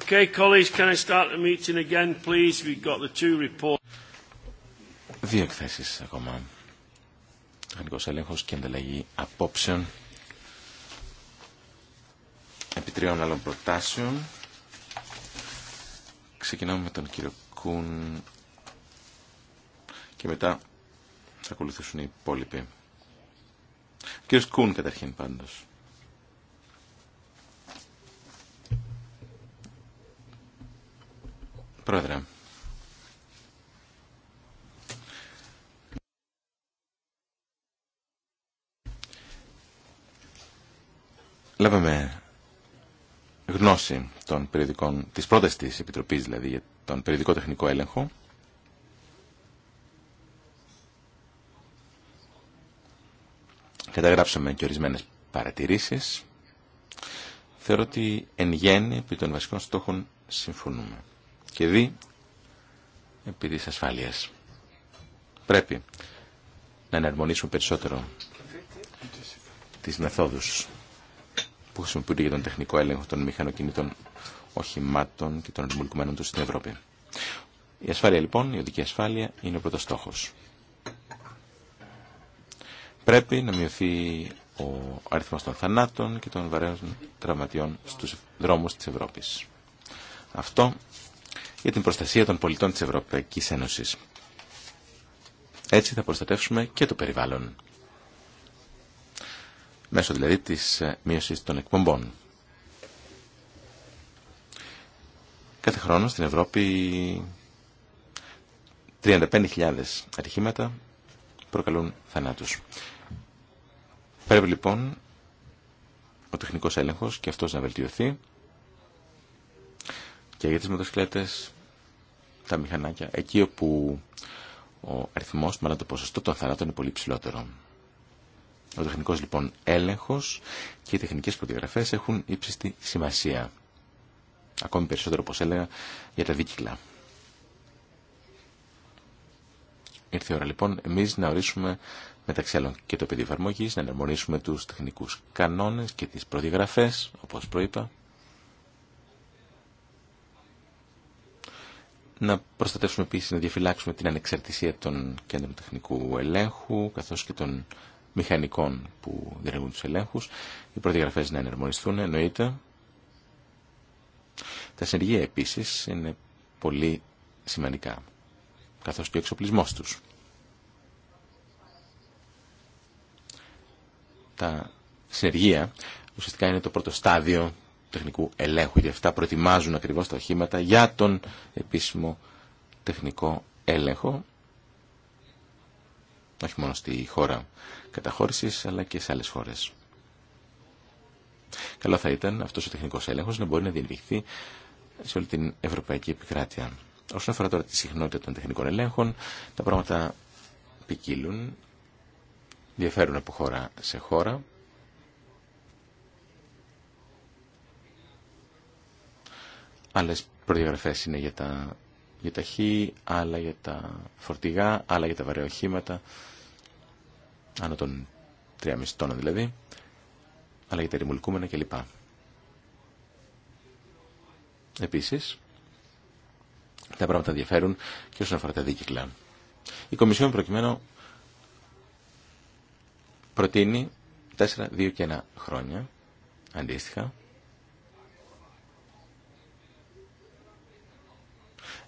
Okay, colleagues, can I start the meeting again, please? We've got the two reports. Δύο εκθέσεις ακόμα. Ανικός έλεγχος και ανταλλαγή απόψεων. Επί τριών άλλων προτάσεων. Ξεκινάμε με τον κύριο Κούν και μετά θα ακολουθήσουν οι υπόλοιποι. Ο κύριος Κούν καταρχήν πάντως. ανακοίνωση των περιοδικών, της πρώτης της Επιτροπής δηλαδή για τον περιοδικό τεχνικό έλεγχο καταγράψαμε και ορισμένες παρατηρήσεις θεωρώ ότι εν γέννη επί των βασικών στόχων συμφωνούμε και δι επί της ασφάλειας πρέπει να εναρμονίσουμε περισσότερο τις μεθόδους που χρησιμοποιούνται για τον τεχνικό έλεγχο των μηχανοκινήτων οχημάτων και των ρημουλκουμένων του στην Ευρώπη. Η ασφάλεια λοιπόν, η οδική ασφάλεια, είναι ο πρώτος στόχος. Πρέπει να μειωθεί ο αριθμός των θανάτων και των βαρέων τραυματιών στους δρόμους της Ευρώπης. Αυτό για την προστασία των πολιτών της Ευρωπαϊκής Ένωσης. Έτσι θα προστατεύσουμε και το περιβάλλον μέσω δηλαδή της ε, μείωσης των εκπομπών. Κάθε χρόνο στην Ευρώπη 35.000 ατυχήματα προκαλούν θανάτους. Πρέπει λοιπόν ο τεχνικός έλεγχος και αυτός να βελτιωθεί και για τις μοτοσυκλέτες, τα μηχανάκια, εκεί όπου ο αριθμός, μάλλον το ποσοστό των θανάτων είναι πολύ ψηλότερο. Ο τεχνικός λοιπόν έλεγχος και οι τεχνικές προδιαγραφές έχουν ύψιστη σημασία. Ακόμη περισσότερο, όπως έλεγα, για τα δίκυκλα. Ήρθε η ώρα λοιπόν εμείς να ορίσουμε μεταξύ άλλων και το πεδίο εφαρμογή, να εναρμονίσουμε τους τεχνικούς κανόνες και τις προδιαγραφές, όπως προείπα. Να προστατεύσουμε επίσης, να διαφυλάξουμε την ανεξαρτησία των κέντρων τεχνικού ελέγχου, καθώς και των μηχανικών που διεργούν τους ελέγχους, οι προδιαγραφές να ενερμονιστούν, εννοείται. Τα συνεργεία επίσης είναι πολύ σημαντικά, καθώς και ο εξοπλισμός τους. Τα συνεργεία ουσιαστικά είναι το πρώτο στάδιο τεχνικού ελέγχου, γιατί αυτά προετοιμάζουν ακριβώς τα οχήματα για τον επίσημο τεχνικό έλεγχο όχι μόνο στη χώρα καταχώρησης αλλά και σε άλλες χώρες. Καλό θα ήταν αυτός ο τεχνικός έλεγχος να μπορεί να διενυχθεί σε όλη την ευρωπαϊκή επικράτεια. Όσον αφορά τώρα τη συχνότητα των τεχνικών ελέγχων, τα πράγματα ποικίλουν, διαφέρουν από χώρα σε χώρα. Άλλες προδιαγραφές είναι για τα για τα χή, άλλα για τα φορτηγά, άλλα για τα βαρεοχήματα, άνω των 3,5 τόνων δηλαδή, άλλα για τα ρημουλκούμενα κλπ. Επίσης, τα πράγματα διαφέρουν και όσον αφορά τα δίκυκλα. Η Κομισιόν προκειμένου προτείνει 4, 2 και 1 χρόνια αντίστοιχα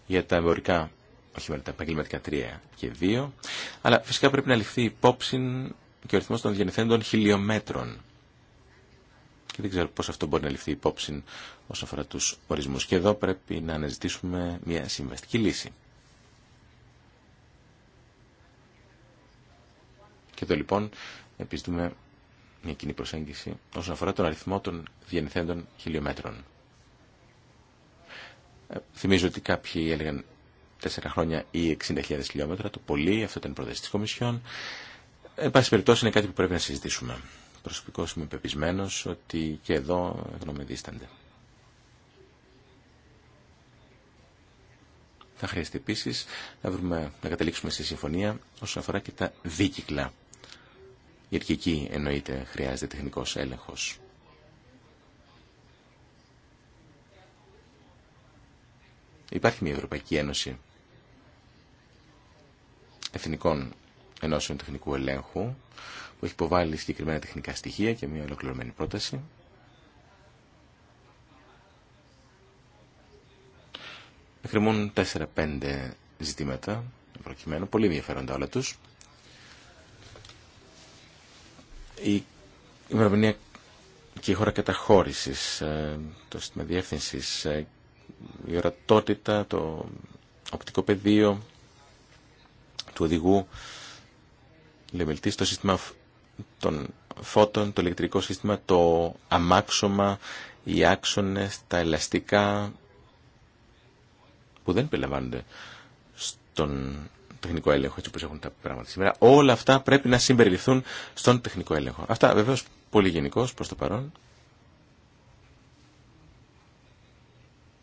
για τα εμπορικά, όχι μόνο τα επαγγελματικά 3 και 2, αλλά φυσικά πρέπει να ληφθεί υπόψη και ο ρυθμός των διανυθέντων χιλιόμετρων. Και δεν ξέρω πώς αυτό μπορεί να ληφθεί υπόψη όσον αφορά τους ορισμούς. Και εδώ πρέπει να αναζητήσουμε μια συμβαστική λύση. Και εδώ λοιπόν επιζητούμε μια κοινή προσέγγιση όσον αφορά τον αριθμό των διανυθέντων χιλιόμετρων. Θυμίζω ότι κάποιοι έλεγαν 4 χρόνια ή 60.000 χιλιόμετρα, το πολύ, αυτό ήταν η πρόταση τη Κομισιόν. Εν πάση περιπτώσει είναι κάτι που πρέπει να συζητήσουμε. Προσωπικώ είμαι πεπισμένο ότι και εδώ γνώμη δίστανται. Θα χρειαστεί επίση να, να καταλήξουμε στη συμφωνία όσον αφορά και τα δίκυκλα. Η εκεί εννοείται χρειάζεται τεχνικό έλεγχο. Υπάρχει μια Ευρωπαϊκή Ένωση Εθνικών Ενώσεων Τεχνικού Ελέγχου που έχει υποβάλει συγκεκριμένα τεχνικά στοιχεία και μια ολοκληρωμένη πρόταση. Εκκρεμούν 4-5 ζητήματα προκειμένου, πολύ ενδιαφέροντα όλα τους. Η ημερομηνία και η χώρα καταχώρησης, ε, το σύστημα διεύθυνση ε, η ορατότητα, το οπτικό πεδίο του οδηγού, το σύστημα των φώτων, το ηλεκτρικό σύστημα, το αμάξωμα, οι άξονες, τα ελαστικά που δεν περιλαμβάνονται στον τεχνικό έλεγχο έτσι όπως έχουν τα πράγματα σήμερα. Όλα αυτά πρέπει να συμπεριληφθούν στον τεχνικό έλεγχο. Αυτά βεβαίως πολύ γενικώ προς το παρόν.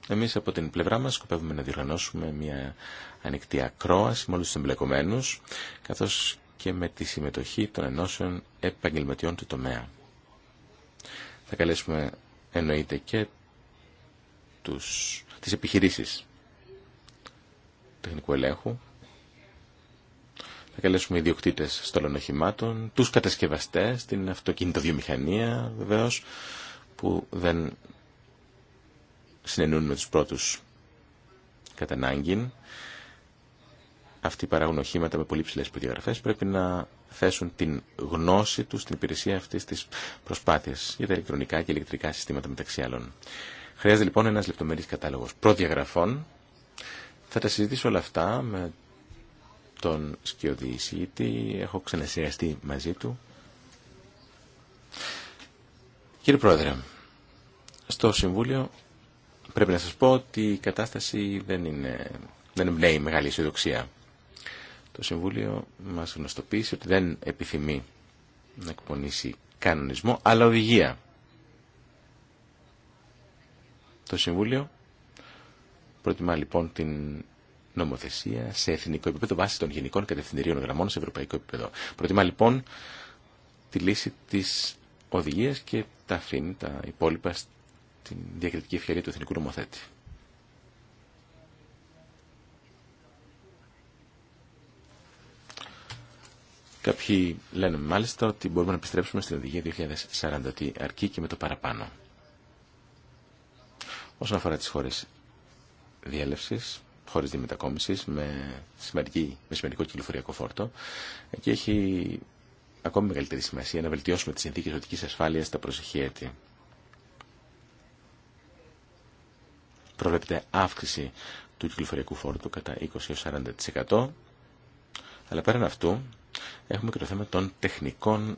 Εμείς από την πλευρά μας σκοπεύουμε να διοργανώσουμε μια ανοιχτή ακρόαση με όλους τους εμπλεκομένους, καθώς και με τη συμμετοχή των ενώσεων επαγγελματιών του τομέα. Θα καλέσουμε εννοείται και τους, τις επιχειρήσεις τεχνικού ελέγχου. Θα καλέσουμε ιδιοκτήτε στολών οχημάτων, τους κατασκευαστές, την αυτοκίνητο βιομηχανία βεβαίως, που δεν συνενούν με τους πρώτους κατά ανάγκη. Αυτοί παράγουν οχήματα με πολύ ψηλές προδιαγραφές. Πρέπει να θέσουν την γνώση τους στην υπηρεσία αυτής της προσπάθειας για τα ηλεκτρονικά και ηλεκτρικά συστήματα μεταξύ άλλων. Χρειάζεται λοιπόν ένας λεπτομερής κατάλογος προδιαγραφών. Θα τα συζητήσω όλα αυτά με τον σκιωδιεισηγητή. Έχω ξανασυριαστεί μαζί του. Κύριε Πρόεδρε, στο Συμβούλιο Πρέπει να σας πω ότι η κατάσταση δεν είναι, δεν εμπνέει μεγάλη αισιοδοξία. Το Συμβούλιο μας γνωστοποίησε ότι δεν επιθυμεί να εκπονήσει κανονισμό, αλλά οδηγία. Το Συμβούλιο προτιμά λοιπόν την νομοθεσία σε εθνικό επίπεδο βάσει των γενικών κατευθυντηρίων γραμμών σε ευρωπαϊκό επίπεδο. Προτιμά λοιπόν τη λύση της οδηγίας και τα αφήνει τα υπόλοιπα την διακριτική ευκαιρία του εθνικού νομοθέτη. Κάποιοι λένε μάλιστα ότι μπορούμε να επιστρέψουμε στην οδηγία 2040, ότι αρκεί και με το παραπάνω. Όσον αφορά τις χώρες διέλευσης, χώρες διμετακόμισης με, σημαντική, με σημαντικό κυκλοφοριακό φόρτο, εκεί έχει ακόμη μεγαλύτερη σημασία να βελτιώσουμε τις συνθήκες οδικής ασφάλειας στα προσεχή έτη. προβλέπεται αύξηση του κυκλοφοριακού φόρτου κατά 20-40%. Αλλά πέραν αυτού έχουμε και το θέμα των τεχνικών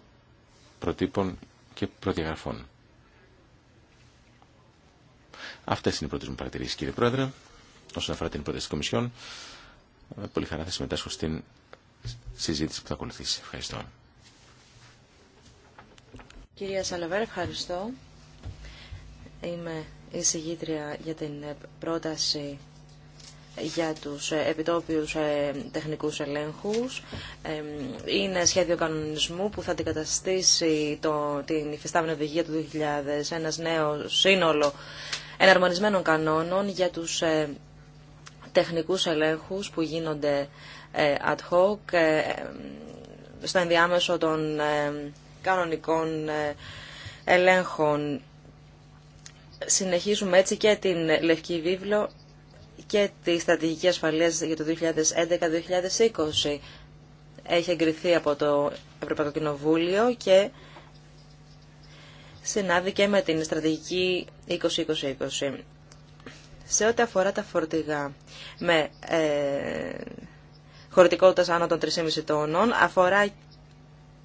προτύπων και προδιαγραφών. Αυτέ είναι οι πρώτε μου παρατηρήσει, κύριε Πρόεδρε, όσον αφορά την πρόταση τη Κομισιόν. Με πολύ χαρά θα συμμετάσχω στην συζήτηση που θα ακολουθήσει. Ευχαριστώ. Κυρία Σαλαβέρα, ευχαριστώ. Είμαι η συγγήτρια για την ε, πρόταση για τους ε, επιτόπιους ε, τεχνικούς ελέγχους. Είναι σχέδιο κανονισμού που θα αντικαταστήσει το, την υφιστάμενη οδηγία του 2000, ένας νέο σύνολο εναρμονισμένων κανόνων για τους τεχνικούς ελέγχους που γίνονται ad hoc στο ενδιάμεσο των κανονικών ελέγχων συνεχίζουμε έτσι και την Λευκή Βίβλο και τη Στρατηγική Ασφαλείας για το 2011-2020. Έχει εγκριθεί από το Ευρωπαϊκό Κοινοβούλιο και συνάδει και με την Στρατηγική 2020-2020. Σε ό,τι αφορά τα φορτηγά με ε, χωρητικότητας άνω των 3,5 τόνων, αφορά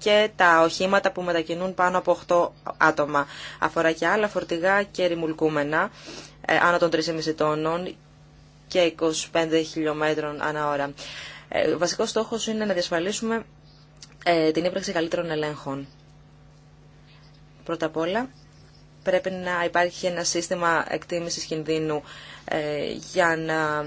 και τα οχήματα που μετακινούν πάνω από 8 άτομα. Αφορά και άλλα φορτηγά και ρημουλκούμενα ε, άνω των 3,5 τόνων και 25 χιλιόμετρων ανά ώρα. Ε, ο βασικός στόχος είναι να διασφαλίσουμε ε, την ύπαρξη καλύτερων ελέγχων. Πρώτα απ' όλα, πρέπει να υπάρχει ένα σύστημα εκτίμησης κινδύνου για να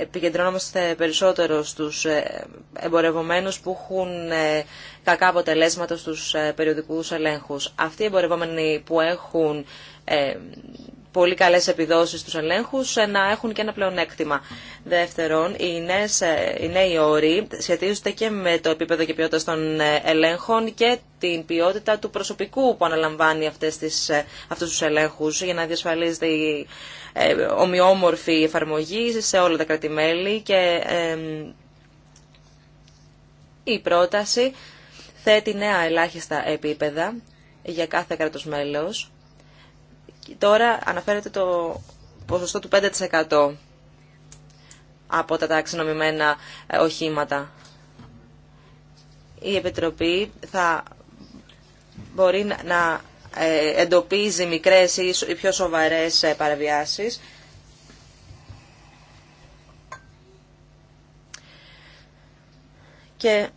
επικεντρώνομαστε περισσότερο στους ε, εμπορευομένους που έχουν ε, κακά αποτελέσματα στους ε, περιοδικούς ελέγχους. Αυτοί οι εμπορευόμενοι που έχουν πολύ καλές επιδόσεις στους ελέγχους ε, να έχουν και ένα πλεονέκτημα. Δεύτερον, οι, νέες, ε, οι νέοι όροι σχετίζονται και με το επίπεδο και ποιότητα των ε, ελέγχων και την ποιότητα του προσωπικού που αναλαμβάνει αυτές τις, αυτούς τους ελέγχους για να διασφαλίζεται η ομοιόμορφη εφαρμογή σε όλα τα κρατημέλη και η πρόταση θέτει νέα ελάχιστα επίπεδα για κάθε κράτος μέλος Τώρα αναφέρεται το ποσοστό του 5% από τα ταξινομημένα ε, οχήματα. Η Επιτροπή θα μπορεί να ε, εντοπίζει μικρές ή πιο σοβαρές ε, παραβιάσεις. Και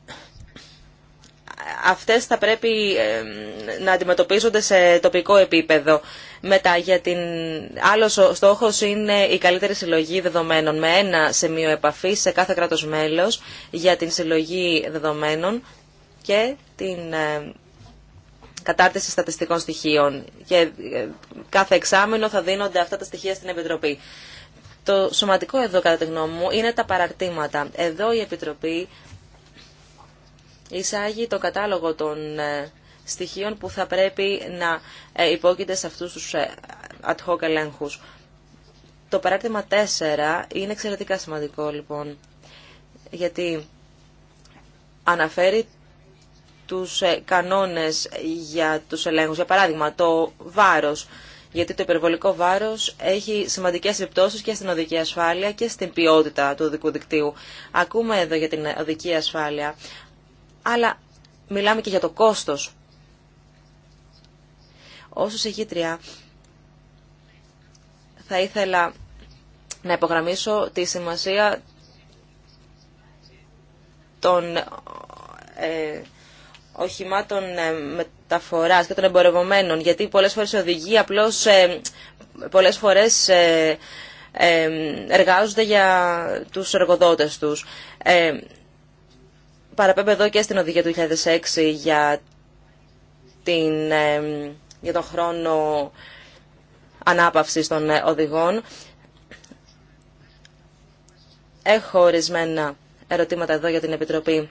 αυτές θα πρέπει να αντιμετωπίζονται σε τοπικό επίπεδο. Μετά για την... Άλλος στόχος είναι η καλύτερη συλλογή δεδομένων με ένα σημείο επαφής σε κάθε κράτος μέλος για την συλλογή δεδομένων και την κατάρτιση στατιστικών στοιχείων. Και ε, κάθε εξάμεινο θα δίνονται αυτά τα στοιχεία στην Επιτροπή. Το σωματικό εδώ, κατά τη γνώμη μου, είναι τα παρακτήματα. Εδώ η Επιτροπή εισάγει το κατάλογο των ε, στοιχείων που θα πρέπει να ε, υπόκειται σε αυτούς τους ε, ad hoc ελέγχους. Το παράδειγμα 4 είναι εξαιρετικά σημαντικό λοιπόν, γιατί αναφέρει τους κανόνες για τους ελέγχους. Για παράδειγμα, το βάρος, γιατί το υπερβολικό βάρος έχει σημαντικές επιπτώσεις και στην οδική ασφάλεια και στην ποιότητα του οδικού δικτύου. Ακούμε εδώ για την οδική ασφάλεια, αλλά μιλάμε και για το κόστος. Όσο συγκήτρια, θα ήθελα να υπογραμμίσω τη σημασία των ε, οχημάτων ε, μεταφοράς και των εμπορευομένων, γιατί πολλές φορές οι οδηγοί απλώς ε, πολλές φορές ε, ε, εργάζονται για τους εργοδότες τους παραπέμπω εδώ και στην οδηγία του 2006 για, την, για τον χρόνο ανάπαυσης των ε, οδηγών. Έχω ορισμένα ερωτήματα εδώ για την Επιτροπή.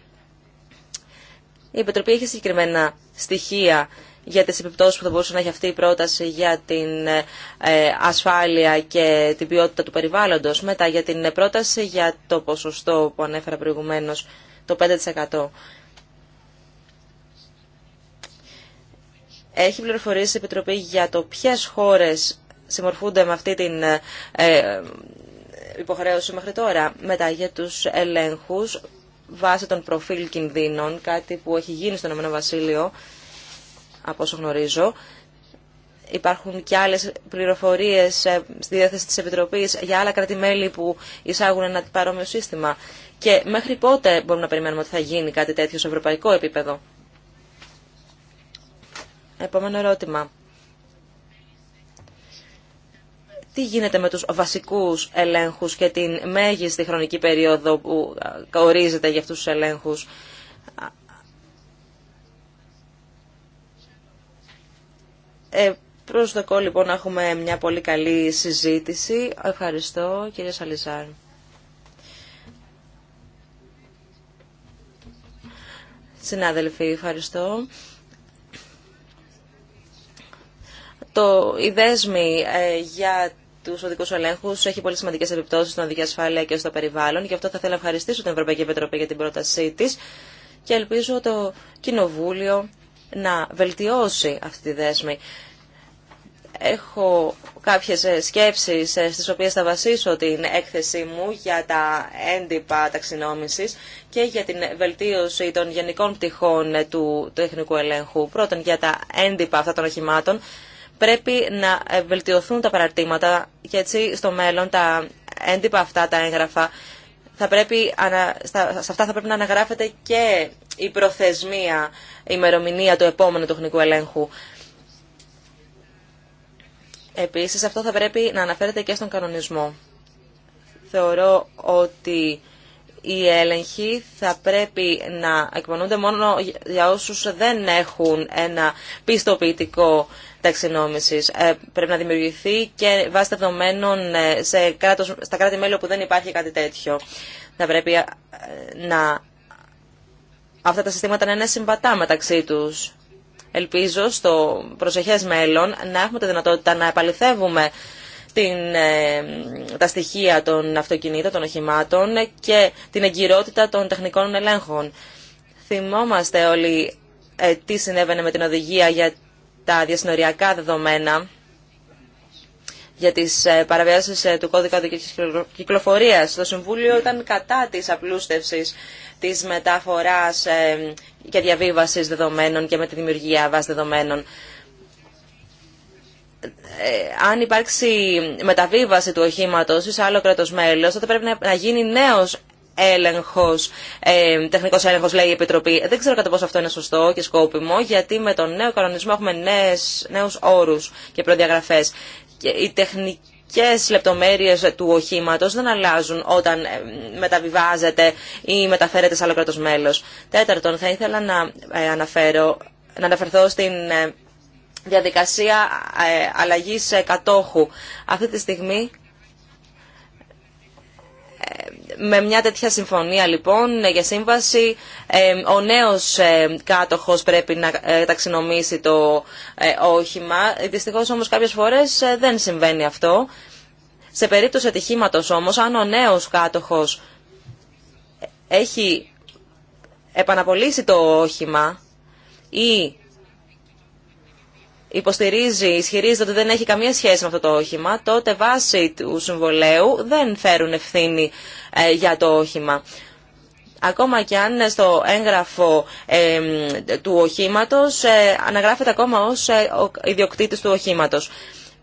Η Επιτροπή έχει συγκεκριμένα στοιχεία για τις επιπτώσεις που θα μπορούσε να έχει αυτή η πρόταση για την ε, ασφάλεια και την ποιότητα του περιβάλλοντος. Μετά για την πρόταση για το ποσοστό που ανέφερα προηγουμένως το 5%. Έχει πληροφορήσει η Επιτροπή για το ποιες χώρες συμμορφούνται με αυτή την ε, ε, υποχρέωση μέχρι τώρα. Μετά για τους ελέγχους βάσει των προφίλ κινδύνων, κάτι που έχει γίνει στον Ηνωμένο Βασίλειο, από όσο γνωρίζω. Υπάρχουν και άλλες πληροφορίες ε, στη διάθεση της Επιτροπής για άλλα κράτη-μέλη που εισάγουν ένα παρόμοιο σύστημα. Και μέχρι πότε μπορούμε να περιμένουμε ότι θα γίνει κάτι τέτοιο σε ευρωπαϊκό επίπεδο. Επόμενο ερώτημα. Τι γίνεται με τους βασικούς ελέγχους και την μέγιστη χρονική περίοδο που ορίζεται για αυτούς τους ελέγχους. Ε, προσδοκώ λοιπόν να έχουμε μια πολύ καλή συζήτηση. Ευχαριστώ κύριε Σαλισάρ. Συνάδελφοι, ευχαριστώ. Το, η δέσμη ε, για του οδικού ελέγχου έχει πολύ σημαντικέ επιπτώσει στην οδική ασφάλεια και στο περιβάλλον. Γι' αυτό θα ήθελα να ευχαριστήσω την Ευρωπαϊκή Επιτροπή για την πρότασή τη και ελπίζω το Κοινοβούλιο να βελτιώσει αυτή τη δέσμη. Έχω κάποιες ε, σκέψεις ε, στις οποίες θα βασίσω την έκθεσή μου για τα έντυπα ταξινόμησης και για την βελτίωση των γενικών πτυχών ε, του τεχνικού ελέγχου. Πρώτον, για τα έντυπα αυτά των οχημάτων πρέπει να βελτιωθούν τα παραρτήματα και έτσι στο μέλλον τα έντυπα αυτά, τα έγγραφα, θα πρέπει, σε αυτά θα πρέπει να αναγράφεται και η προθεσμία, η ημερομηνία του επόμενου τεχνικού ελέγχου. Επίσης αυτό θα πρέπει να αναφέρεται και στον κανονισμό. Θεωρώ ότι οι έλεγχοι θα πρέπει να εκπονούνται μόνο για όσους δεν έχουν ένα πιστοποιητικό ταξινόμησης. Ε, πρέπει να δημιουργηθεί και βάσει δεδομένων ε, σε κράτος, στα κράτη-μέλη όπου δεν υπάρχει κάτι τέτοιο. Θα πρέπει ε, να αυτά τα συστήματα να είναι συμβατά μεταξύ τους ελπίζω στο προσεχές μέλλον να έχουμε τη δυνατότητα να επαληθεύουμε την, ε, τα στοιχεία των αυτοκινήτων, των οχημάτων και την εγκυρότητα των τεχνικών ελέγχων. Θυμόμαστε όλοι ε, τι συνέβαινε με την οδηγία για τα διασυνοριακά δεδομένα για τι ε, παραβιάσεις ε, του κώδικα οδική κυκλοφορία. Το Συμβούλιο ήταν κατά τη απλούστευση τη μεταφορά ε, και διαβίβαση δεδομένων και με τη δημιουργία βάση δεδομένων. Αν υπάρξει μεταβίβαση του οχήματος σε άλλο κρατό μέλο, τότε πρέπει να γίνει νέο έλεγχο ε, τεχνικός έλεγχος λέει η Επιτροπή. Δεν ξέρω κατά πόσο αυτό είναι σωστό και σκόπιμο, γιατί με τον νέο κανονισμό έχουμε νέου όρου και προδιαγραφέ οι τεχνικές λεπτομέρειες του οχήματος δεν αλλάζουν όταν ε, μεταβιβάζεται ή μεταφέρεται σε άλλο κράτος μέλος. Τέταρτον, θα ήθελα να, ε, αναφέρω, να αναφερθώ στην ε, διαδικασία αλλαγής κατόχου. Αυτή τη στιγμή με μια τέτοια συμφωνία λοιπόν ε, για σύμβαση ε, ο νέος ε, κάτοχος πρέπει να ταξινομήσει το όχημα. Δυστυχώς όμως κάποιες φορές δεν συμβαίνει αυτό. Σε περίπτωση ατυχήματος όμως αν ο νέος κάτοχος έχει επαναπολύσει το όχημα ή υποστηρίζει, ισχυρίζεται ότι δεν έχει καμία σχέση με αυτό το όχημα, τότε βάσει του συμβολέου δεν φέρουν ευθύνη ε, για το όχημα. Ακόμα και αν στο έγγραφο του οχήματος ε, αναγράφεται ακόμα ως ε, ιδιοκτήτης του οχήματος.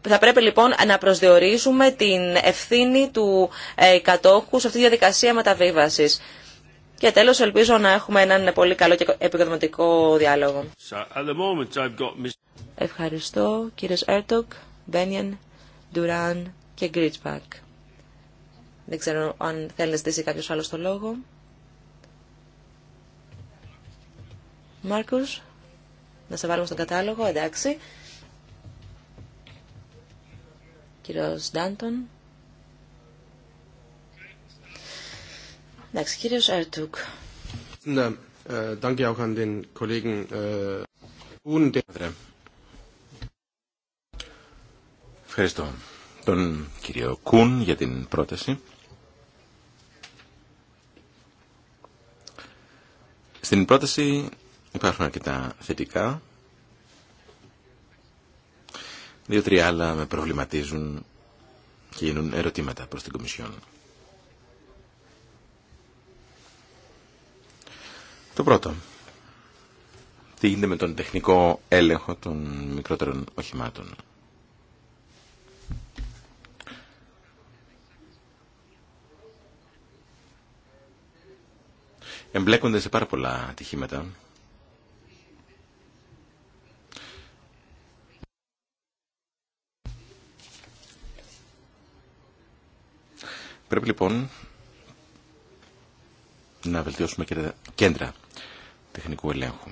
Θα πρέπει λοιπόν να προσδιορίσουμε την ευθύνη του κατόχου σε αυτή τη διαδικασία μεταβίβασης. Και τέλος ελπίζω να έχουμε έναν πολύ καλό και επικοδοματικό διάλογο. Ευχαριστώ κύριες Έρτοκ, Μπένιεν, Ντουράν και Γκρίτσπακ. Δεν ξέρω αν θέλει να στήσει κάποιος άλλος το λόγο. Μάρκους, να σε βάλουμε στον κατάλογο, εντάξει. Κύριος Ντάντον. Εντάξει, κύριος Έρτουκ. Ναι, ε, danke auch an den ε, Ευχαριστώ τον κύριο Κούν για την πρόταση. Στην πρόταση υπάρχουν αρκετά θετικά. Δύο-τρία άλλα με προβληματίζουν και γίνουν ερωτήματα προς την Κομισιόν. Το πρώτο. Τι γίνεται με τον τεχνικό έλεγχο των μικρότερων οχημάτων. εμπλέκονται σε πάρα πολλά ατυχήματα. Πρέπει λοιπόν να βελτιώσουμε και τα κέντρα τεχνικού ελέγχου.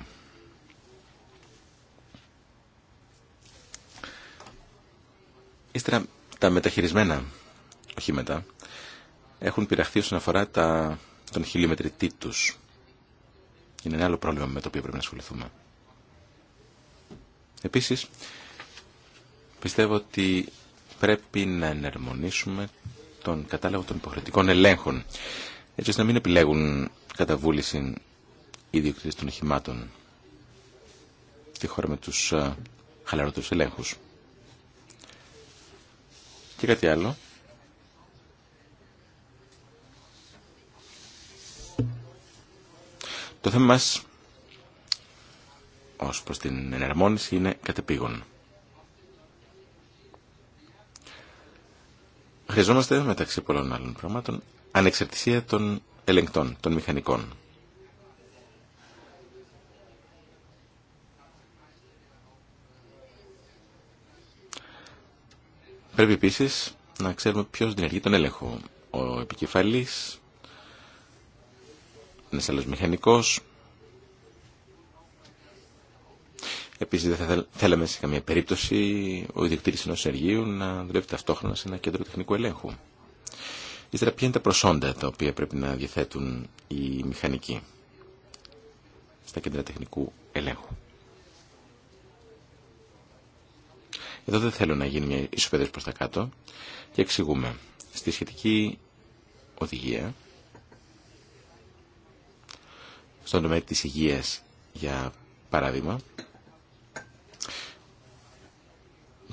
Ύστερα τα μεταχειρισμένα οχήματα έχουν πειραχθεί όσον αφορά τα τον χιλιομετρητή του. Είναι ένα άλλο πρόβλημα με το οποίο πρέπει να ασχοληθούμε. Επίσης, πιστεύω ότι πρέπει να ενερμονίσουμε τον κατάλογο των υποχρεωτικών ελέγχων, έτσι ώστε να μην επιλέγουν κατά βούληση οι των οχημάτων στη χώρα με τους ε, χαλαρότερου ελέγχους. Και κάτι άλλο, Το θέμα μας ως προς την εναρμόνιση είναι κατεπήγον. Χρειαζόμαστε μεταξύ πολλών άλλων πραγμάτων ανεξαρτησία των ελεγκτών, των μηχανικών. Πρέπει επίσης να ξέρουμε ποιος διενεργεί τον έλεγχο. Ο επικεφαλής είναι άλλος μηχανικός. Επίσης δεν θα θέλαμε σε καμία περίπτωση ο ιδιοκτήτης ενός εργείου να δουλεύει ταυτόχρονα σε ένα κέντρο τεχνικού ελέγχου. Ύστερα ποια είναι τα προσόντα τα οποία πρέπει να διαθέτουν οι μηχανικοί στα κέντρα τεχνικού ελέγχου. Εδώ δεν θέλω να γίνει μια ισοπαίδευση προς τα κάτω και εξηγούμε. Στη σχετική οδηγία στον τομέα της υγείας, για παράδειγμα,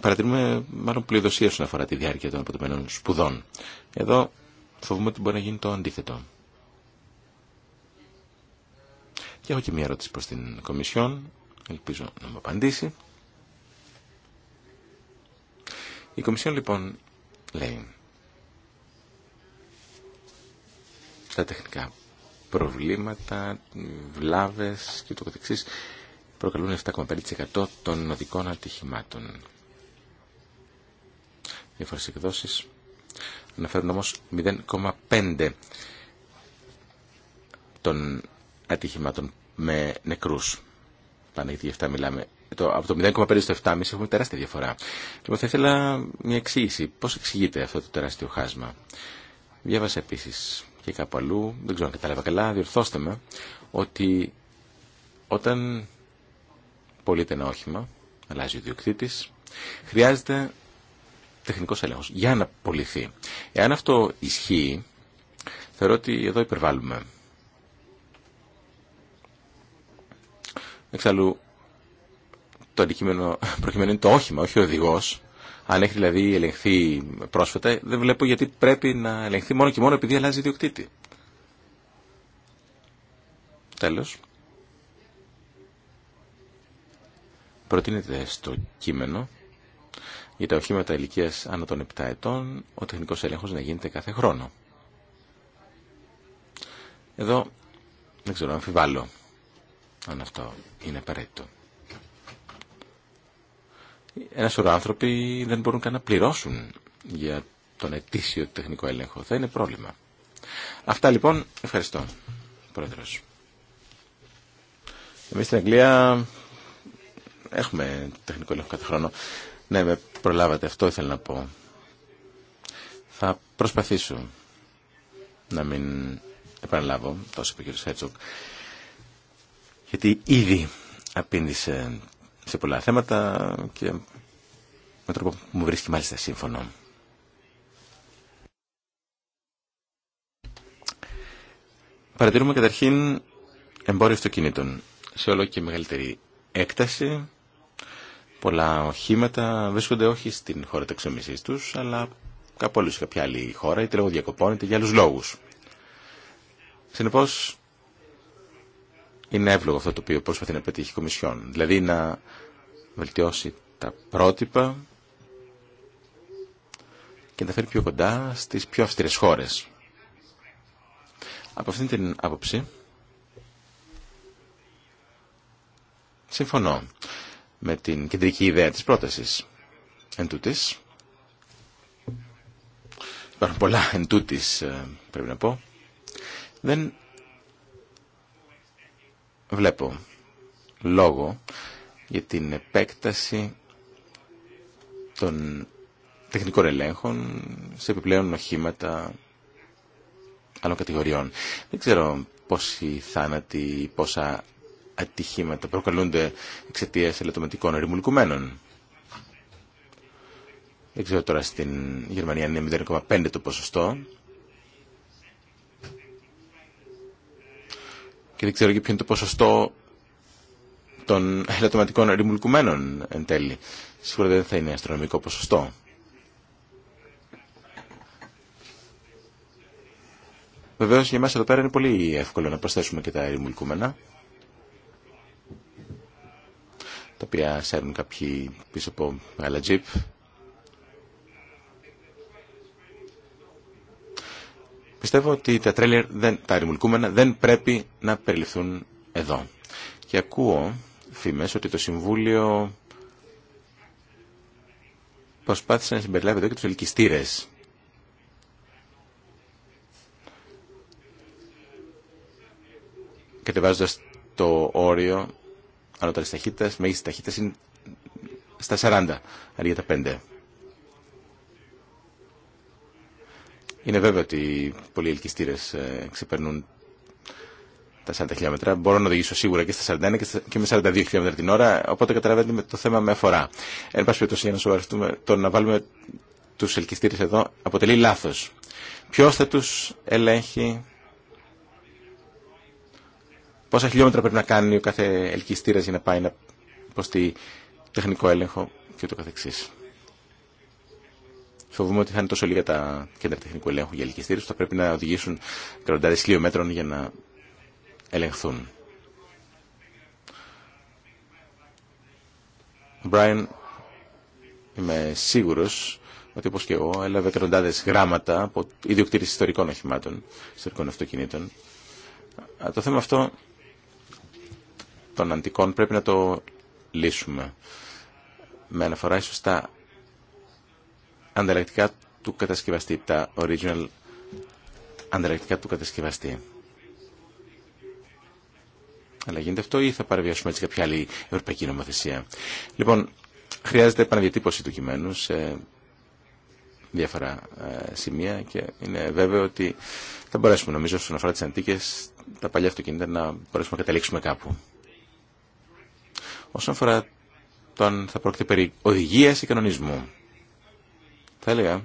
παρατηρούμε μάλλον πληδοσία όσον αφορά τη διάρκεια των αποτεμένων σπουδών. Εδώ φοβούμαι ότι μπορεί να γίνει το αντίθετο. Και έχω και μια ερώτηση προς την Κομισιόν. Ελπίζω να μου απαντήσει. Η Κομισιόν λοιπόν λέει τα τεχνικά προβλήματα, βλάβες και το καθεξής προκαλούν 7,5% των οδικών ατυχημάτων. Διάφορε εκδόσεις αναφέρουν όμως 0,5% των ατυχημάτων με νεκρούς. Πάνε γιατί 7 μιλάμε. Το, από το 0,5 στο 7,5 έχουμε τεράστια διαφορά. Λοιπόν, θα ήθελα μια εξήγηση. Πώς εξηγείται αυτό το τεράστιο χάσμα. Διάβασα επίσης και κάπου αλλού, δεν ξέρω αν κατάλαβα καλά, διορθώστε με, ότι όταν πωλείται ένα όχημα, αλλάζει ο διοκτήτη, χρειάζεται τεχνικός έλεγχος για να πωληθεί. Εάν αυτό ισχύει, θεωρώ ότι εδώ υπερβάλλουμε. Εξάλλου, το αντικείμενο προκειμένου είναι το όχημα, όχι ο οδηγός. Αν έχει δηλαδή ελεγχθεί πρόσφατα, δεν βλέπω γιατί πρέπει να ελεγχθεί μόνο και μόνο επειδή αλλάζει ιδιοκτήτη. Τέλος. Προτείνεται στο κείμενο για τα οχήματα ηλικία άνω των 7 ετών ο τεχνικός έλεγχος να γίνεται κάθε χρόνο. Εδώ δεν ξέρω, αμφιβάλλω αν αυτό είναι απαραίτητο ένα σωρό άνθρωποι δεν μπορούν καν να πληρώσουν για τον ετήσιο τεχνικό έλεγχο. Θα είναι πρόβλημα. Αυτά λοιπόν. Ευχαριστώ, Πρόεδρος. Εμείς στην Αγγλία έχουμε τεχνικό έλεγχο κάθε χρόνο. Ναι, με προλάβατε. Αυτό ήθελα να πω. Θα προσπαθήσω να μην επαναλάβω, τόσο από ο κ. Χέτσοκ, γιατί ήδη απήντησε σε πολλά θέματα και με τρόπο που μου βρίσκει μάλιστα σύμφωνο. Παρατηρούμε καταρχήν εμπόριο αυτοκινήτων σε όλο και μεγαλύτερη έκταση. Πολλά οχήματα βρίσκονται όχι στην χώρα ταξιομισής τους, αλλά κάπου όλους σε κάποια άλλη χώρα, είτε λόγω διακοπών, είτε για άλλους λόγους. Συνεπώς, είναι εύλογο αυτό το οποίο προσπαθεί να πετύχει η Κομισιόν. Δηλαδή να βελτιώσει τα πρότυπα και να τα φέρει πιο κοντά στις πιο αυστηρές χώρες. Από αυτήν την άποψη συμφωνώ με την κεντρική ιδέα της πρότασης. Εν τούτης, υπάρχουν πολλά εν τούτης, ε, πρέπει να πω, δεν βλέπω λόγο για την επέκταση των τεχνικών ελέγχων σε επιπλέον οχήματα άλλων κατηγοριών. Δεν ξέρω πόσοι θάνατοι ή πόσα ατυχήματα προκαλούνται εξαιτία ελαττωματικών ρημουλκουμένων. Δεν ξέρω τώρα στην Γερμανία είναι 0,5 το ποσοστό. και δεν ξέρω και ποιο είναι το ποσοστό των ελαττωματικών ρημουλκουμένων εν τέλει. Σίγουρα δεν θα είναι αστρονομικό ποσοστό. Βεβαίω για εμά εδώ πέρα είναι πολύ εύκολο να προσθέσουμε και τα ρημουλκούμενα, τα οποία σέρνουν κάποιοι πίσω από άλλα τζιπ Πιστεύω ότι τα τρέλερ, τα ρημουλκούμενα δεν πρέπει να περιληφθούν εδώ. Και ακούω φήμες ότι το Συμβούλιο προσπάθησε να συμπεριλάβει εδώ και τους ελκυστήρες. Κατεβάζοντας το όριο ανώτερης ταχύτητας, μέγιστη ταχύτητας είναι στα 40, αντί τα 5. Είναι βέβαιο ότι πολλοί ελκυστήρε ε, ξεπερνούν τα 40 χιλιόμετρα. Μπορώ να οδηγήσω σίγουρα και στα 41 και με 42 χιλιόμετρα την ώρα, οπότε καταλαβαίνετε το θέμα με αφορά. Εν πάση περιπτώσει, για να σοβαρευτούμε, το να βάλουμε του ελκυστήρε εδώ αποτελεί λάθο. Ποιο θα του ελέγχει, πόσα χιλιόμετρα πρέπει να κάνει ο κάθε ελκυστήρα για να πάει να υποστεί τεχνικό έλεγχο και ούτω καθεξής φοβούμαι ότι θα είναι τόσο λίγα τα κέντρα τεχνικού ελέγχου για ελκυστήρες που θα πρέπει να οδηγήσουν εκατοντάδες χιλιόμετρων για να ελεγχθούν. Μπράιν είμαι σίγουρος ότι όπως και εγώ έλαβε εκατοντάδες γράμματα από ιστορικών οχημάτων, ιστορικών αυτοκινήτων. Το θέμα αυτό των αντικών πρέπει να το λύσουμε. Με αναφορά ίσως στα ανταλλακτικά του κατασκευαστή, τα original ανταλλακτικά του κατασκευαστή. Αλλά γίνεται αυτό ή θα παραβιάσουμε έτσι κάποια άλλη ευρωπαϊκή νομοθεσία. Λοιπόν, χρειάζεται επαναδιατύπωση του κειμένου σε διάφορα ε, σημεία και είναι βέβαιο ότι θα μπορέσουμε νομίζω όσον αφορά τις αντίκες τα παλιά αυτοκίνητα να μπορέσουμε να καταλήξουμε κάπου. Όσον αφορά το αν θα πρόκειται περί οδηγίας ή κανονισμού. Θα έλεγα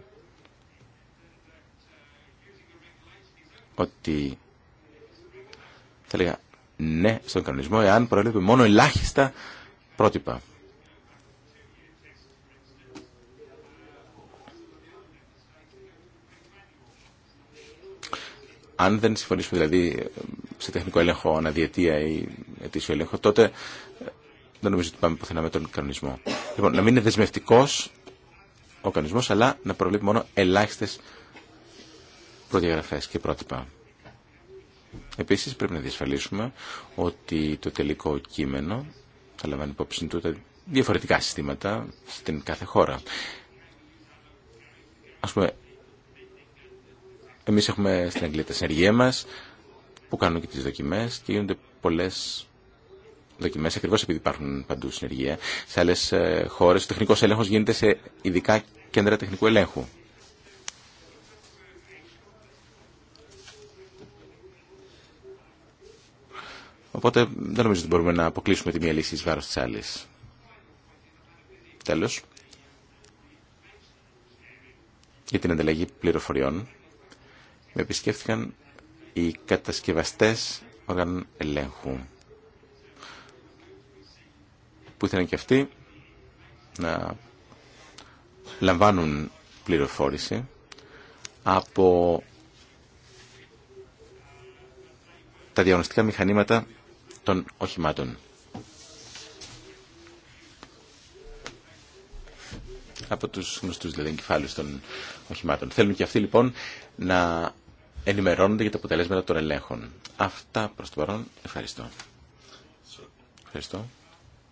ότι θα έλεγα ναι στον κανονισμό εάν προέλεπε μόνο ελάχιστα πρότυπα. Αν δεν συμφωνήσουμε δηλαδή σε τεχνικό έλεγχο αναδιαιτία ή ετήσιο έλεγχο, τότε δεν νομίζω ότι πάμε πουθενά με τον κανονισμό. Λοιπόν, να μην είναι δεσμευτικός ο αλλά να προβλέπει μόνο ελάχιστες προδιαγραφές και πρότυπα. Επίσης πρέπει να διασφαλίσουμε ότι το τελικό κείμενο θα λαμβάνει υπόψη του τα διαφορετικά συστήματα στην κάθε χώρα. Ας πούμε, εμείς έχουμε στην Αγγλία τα συνεργεία μας που κάνουν και τις δοκιμές και γίνονται πολλές δοκιμέ, ακριβώ επειδή υπάρχουν παντού συνεργεία. Σε άλλες ε, χώρες ο τεχνικός έλεγχος γίνεται σε ειδικά κέντρα τεχνικού ελέγχου. Οπότε δεν νομίζω ότι μπορούμε να αποκλείσουμε τη μία λύση ει βάρος τη άλλη. Τέλος. Για την ανταλλαγή πληροφοριών με επισκέφθηκαν οι κατασκευαστέ οργάνων ελέγχου που ήθελαν και αυτοί να λαμβάνουν πληροφόρηση από τα διαγνωστικά μηχανήματα των οχημάτων. Από τους γνωστούς δηλαδή εγκεφάλους των οχημάτων. Θέλουν και αυτοί λοιπόν να ενημερώνονται για τα αποτελέσματα των ελέγχων. Αυτά προς το παρόν. Ευχαριστώ. Ευχαριστώ.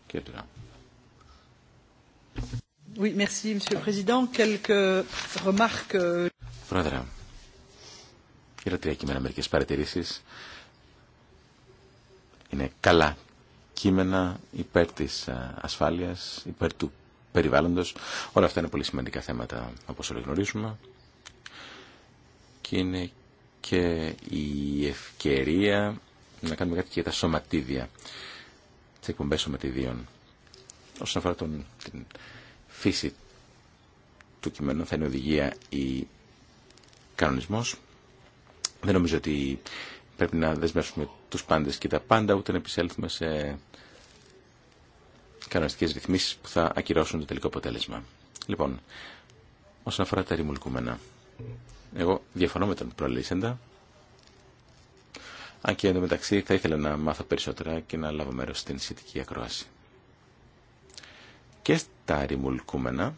Κύριε Oui, merci, Monsieur le Président. Quelques remarques. Euh, Πρόεδρε, κύριε τρία κείμενα, μερικέ παρατηρήσει. Είναι καλά κείμενα υπέρ τη ε, ασφάλεια, υπέρ του περιβάλλοντο. Όλα αυτά είναι πολύ σημαντικά θέματα, όπω όλοι γνωρίζουμε. Και είναι και η ευκαιρία να κάνουμε κάτι και για τα σωματίδια τις εκπομπές σωματιδίων. Όσον αφορά τον, την φύση του κειμένου θα είναι οδηγία ή κανονισμός. Δεν νομίζω ότι πρέπει να δεσμεύσουμε τους πάντες και τα πάντα, ούτε να επισέλθουμε σε κανονιστικές ρυθμίσεις που θα ακυρώσουν το τελικό αποτέλεσμα. Λοιπόν, όσον αφορά τα ρημουλκούμενα, εγώ διαφωνώ με τον προλήσεντα, αν και εντωμεταξύ θα ήθελα να μάθω περισσότερα και να λάβω μέρος στην σχετική ακρόαση. Και στα ρημουλκούμενα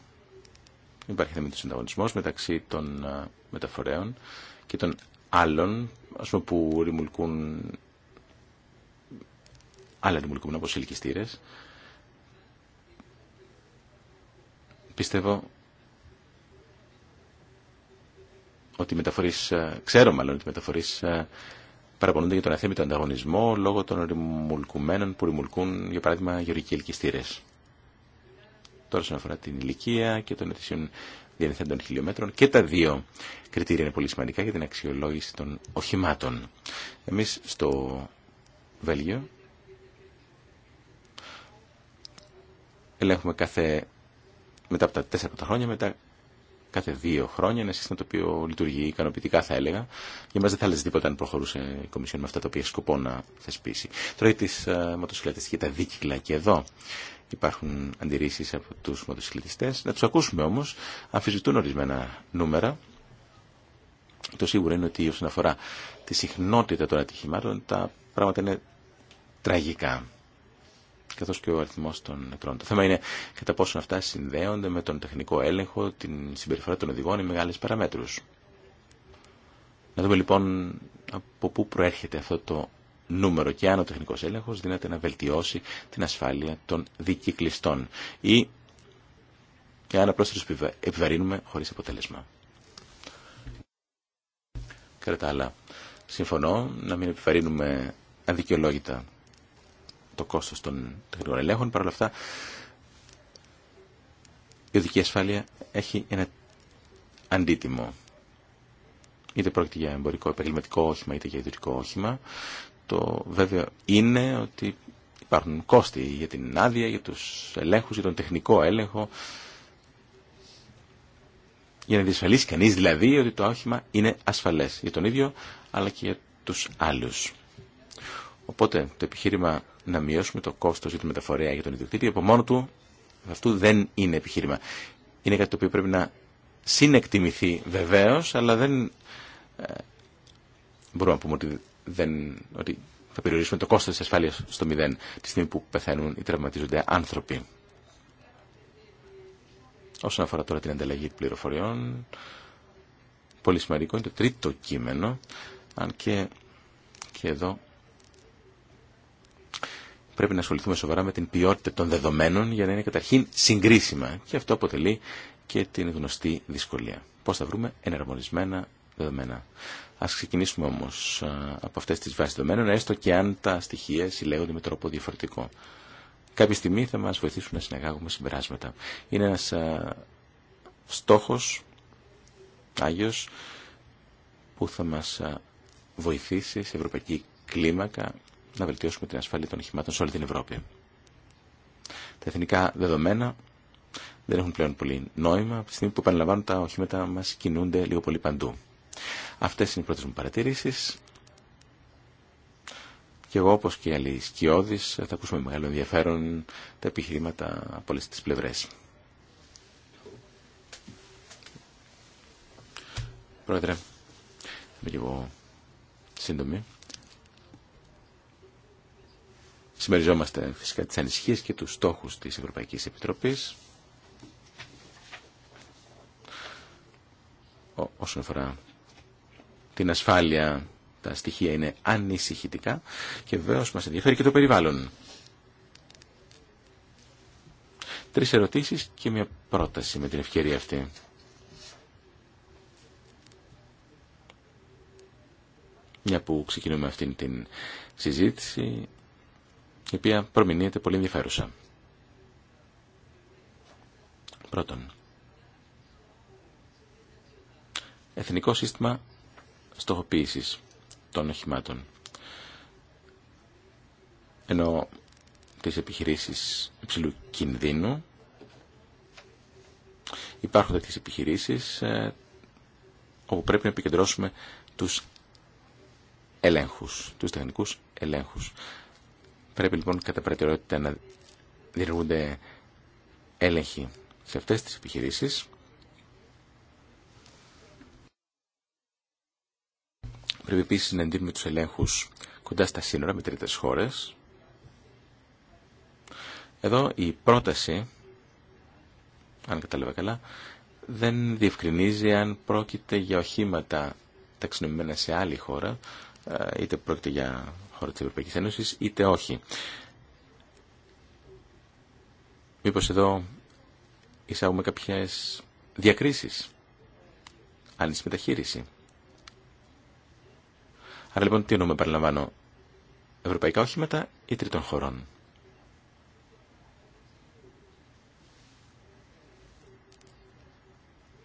υπάρχει θέμα του συνταγωνισμό μεταξύ των μεταφορέων και των άλλων, ας πούμε που ρημουλκούν άλλα ρημουλκούμενα όπως ελκυστήρες. Πιστεύω ότι οι μεταφορείς, ξέρω μάλλον ότι οι μεταφορείς παραπονούνται για τον αθέμητο ανταγωνισμό λόγω των ρημουλκουμένων που ρημουλκούν, για παράδειγμα, γεωργικοί ελκυστήρε. Τώρα, όσον αφορά την ηλικία και των αιτησίων διανυθέντων χιλιόμετρων, και τα δύο κριτήρια είναι πολύ σημαντικά για την αξιολόγηση των οχημάτων. Εμεί στο Βέλγιο ελέγχουμε κάθε μετά από τα τέσσερα χρόνια μετά κάθε δύο χρόνια, ένα σύστημα το οποίο λειτουργεί ικανοποιητικά θα έλεγα. Για μας δεν θα έλεγε τίποτα αν προχωρούσε η Κομισιόν με αυτά τα οποία σκοπό να θεσπίσει. Τώρα για τις ε, μοτοσυκλέτες και τα δίκυκλα και εδώ υπάρχουν αντιρρήσεις από τους μοτοσυκλετιστές. Να τους ακούσουμε όμως, αμφισβητούν ορισμένα νούμερα. Το σίγουρο είναι ότι όσον αφορά τη συχνότητα των ατυχημάτων τα πράγματα είναι τραγικά καθώς και ο αριθμός των νεκρών. Το θέμα είναι κατά πόσο αυτά συνδέονται με τον τεχνικό έλεγχο, την συμπεριφορά των οδηγών ή μεγάλες παραμέτρους. Να δούμε λοιπόν από πού προέρχεται αυτό το νούμερο και αν ο τεχνικός έλεγχος δύναται να βελτιώσει την ασφάλεια των δικυκλιστών ή αν απλώς τους επιβαρύνουμε χωρίς αποτέλεσμα. Κατά τα άλλα, συμφωνώ να μην επιβαρύνουμε αδικαιολόγητα το κόστος των τεχνικών ελέγχων. Παρ' όλα αυτά, η οδική ασφάλεια έχει ένα αντίτιμο. Είτε πρόκειται για εμπορικό επαγγελματικό όχημα, είτε για ιδιωτικό όχημα. Το βέβαιο είναι ότι υπάρχουν κόστη για την άδεια, για τους ελέγχου, για τον τεχνικό έλεγχο. Για να διασφαλίσει κανείς δηλαδή ότι το όχημα είναι ασφαλέ, για τον ίδιο αλλά και για του άλλου. Οπότε το επιχείρημα να μειώσουμε το κόστο για τη μεταφορία για τον ιδιοκτήτη από μόνο του αυτού δεν είναι επιχείρημα. Είναι κάτι το οποίο πρέπει να συνεκτιμηθεί βεβαίω, αλλά δεν ε, μπορούμε να πούμε ότι, ότι θα περιορίσουμε το κόστο τη ασφάλεια στο μηδέν τη στιγμή που πεθαίνουν ή τραυματίζονται άνθρωποι. Όσον αφορά τώρα την ανταλλαγή πληροφοριών, πολύ σημαντικό είναι το τρίτο κείμενο, αν και, και εδώ πρέπει να ασχοληθούμε σοβαρά με την ποιότητα των δεδομένων για να είναι καταρχήν συγκρίσιμα. Και αυτό αποτελεί και την γνωστή δυσκολία. Πώς θα βρούμε εναρμονισμένα δεδομένα. Ας ξεκινήσουμε όμως από αυτές τις βάσεις δεδομένων, έστω και αν τα στοιχεία συλλέγονται με τρόπο διαφορετικό. Κάποια στιγμή θα μας βοηθήσουν να συνεγάγουμε συμπεράσματα. Είναι ένας στόχος Άγιος που θα μας βοηθήσει σε ευρωπαϊκή κλίμακα να βελτιώσουμε την ασφάλεια των οχημάτων σε όλη την Ευρώπη. Τα εθνικά δεδομένα δεν έχουν πλέον πολύ νόημα από τη στιγμή που επαναλαμβάνουν τα οχήματα μα κινούνται λίγο πολύ παντού. Αυτέ είναι οι πρώτε μου παρατηρήσει. Και εγώ, όπω και οι άλλοι σκιώδει, θα ακούσουμε με μεγάλο ενδιαφέρον τα επιχειρήματα από όλε τι πλευρέ. Πρόεδρε, είμαι και εγώ σύντομη. Συμμεριζόμαστε φυσικά τις ανησυχίες και τους στόχους της Ευρωπαϊκής Επιτροπής όσον αφορά την ασφάλεια τα στοιχεία είναι ανησυχητικά και βεβαίω μας ενδιαφέρει και το περιβάλλον. Τρεις ερωτήσεις και μια πρόταση με την ευκαιρία αυτή. Μια που ξεκινούμε αυτήν την συζήτηση, η οποία προμηνύεται πολύ ενδιαφέρουσα. Πρώτον, εθνικό σύστημα στοχοποίησης των οχημάτων. Ενώ τις επιχειρήσεις υψηλού κινδύνου υπάρχουν τέτοιες επιχειρήσεις ε, όπου πρέπει να επικεντρώσουμε τους ελέγχους, τους τεχνικούς ελέγχους. Πρέπει λοιπόν κατά προτεραιότητα να δημιουργούνται έλεγχοι σε αυτές τις επιχειρήσεις. Πρέπει επίση να εντύπωμε τους ελέγχους κοντά στα σύνορα με τρίτες χώρες. Εδώ η πρόταση, αν κατάλαβα καλά, δεν διευκρινίζει αν πρόκειται για οχήματα ταξινομημένα σε άλλη χώρα, ε, είτε πρόκειται για χώρα της Ευρωπαϊκής Ένωσης, είτε όχι. Μήπως εδώ εισάγουμε κάποιες διακρίσεις, άνηση μεταχείριση. Άρα λοιπόν τι εννοούμε παραλαμβάνω, ευρωπαϊκά οχήματα ή τρίτων χωρών.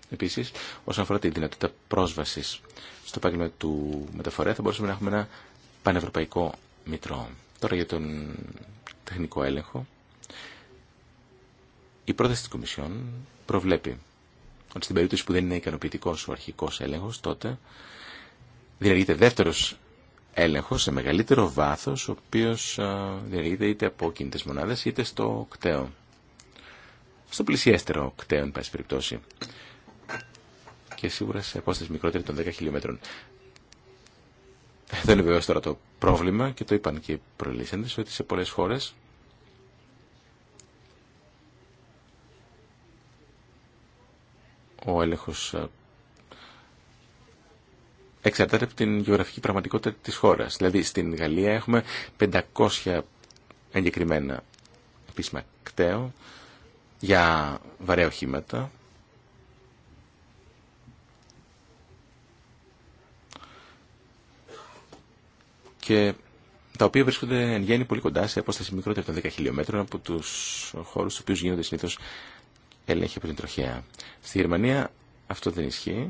Επίση, όσον αφορά τη δυνατότητα πρόσβαση στο επάγγελμα του μεταφορέα, θα μπορούσαμε να έχουμε ένα πανευρωπαϊκό μητρό. Τώρα για τον τεχνικό έλεγχο. Η πρόταση της Κομισιόν προβλέπει ότι στην περίπτωση που δεν είναι ικανοποιητικό ο αρχικός έλεγχος, τότε διενεργείται δεύτερος έλεγχος σε μεγαλύτερο βάθος, ο οποίος διενεργείται είτε από κινητές μονάδες είτε στο κταίο. Στο πλησιέστερο κταίο, εν πάση περιπτώσει. Και σίγουρα σε απόσταση μικρότερη των 10 χιλιόμετρων. Ε, δεν είναι βεβαίω τώρα το πρόβλημα και το είπαν και οι προλύσσαντες ότι σε πολλές χώρες ο έλεγχος ε, εξαρτάται από την γεωγραφική πραγματικότητα της χώρας. Δηλαδή στην Γαλλία έχουμε 500 εγκεκριμένα επίσημα κταίο για βαρέα οχήματα και τα οποία βρίσκονται εν γέννη πολύ κοντά σε απόσταση μικρότερη από 10 χιλιόμετρων από του χώρου στου οποίου γίνονται συνήθω έλεγχοι από την τροχέα. Στη Γερμανία αυτό δεν ισχύει.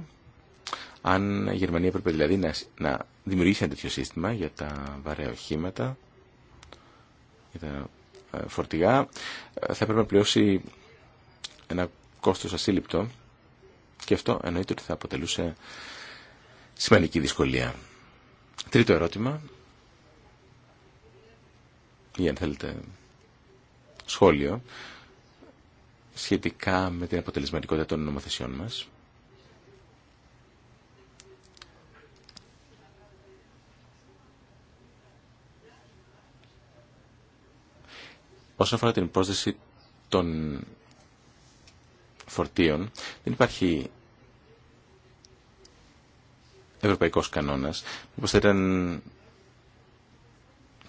Αν η Γερμανία έπρεπε δηλαδή να, να δημιουργήσει ένα τέτοιο σύστημα για τα βαρέα οχήματα, για τα ε, φορτηγά, ε, θα έπρεπε να πληρώσει ένα κόστος ασύλληπτο και αυτό εννοείται ότι θα αποτελούσε σημαντική δυσκολία. Τρίτο ερώτημα ή αν θέλετε σχόλιο σχετικά με την αποτελεσματικότητα των νομοθεσιών μας. Όσον αφορά την πρόσθεση των φορτίων, δεν υπάρχει ευρωπαϊκός κανόνας. Μήπως θα ήταν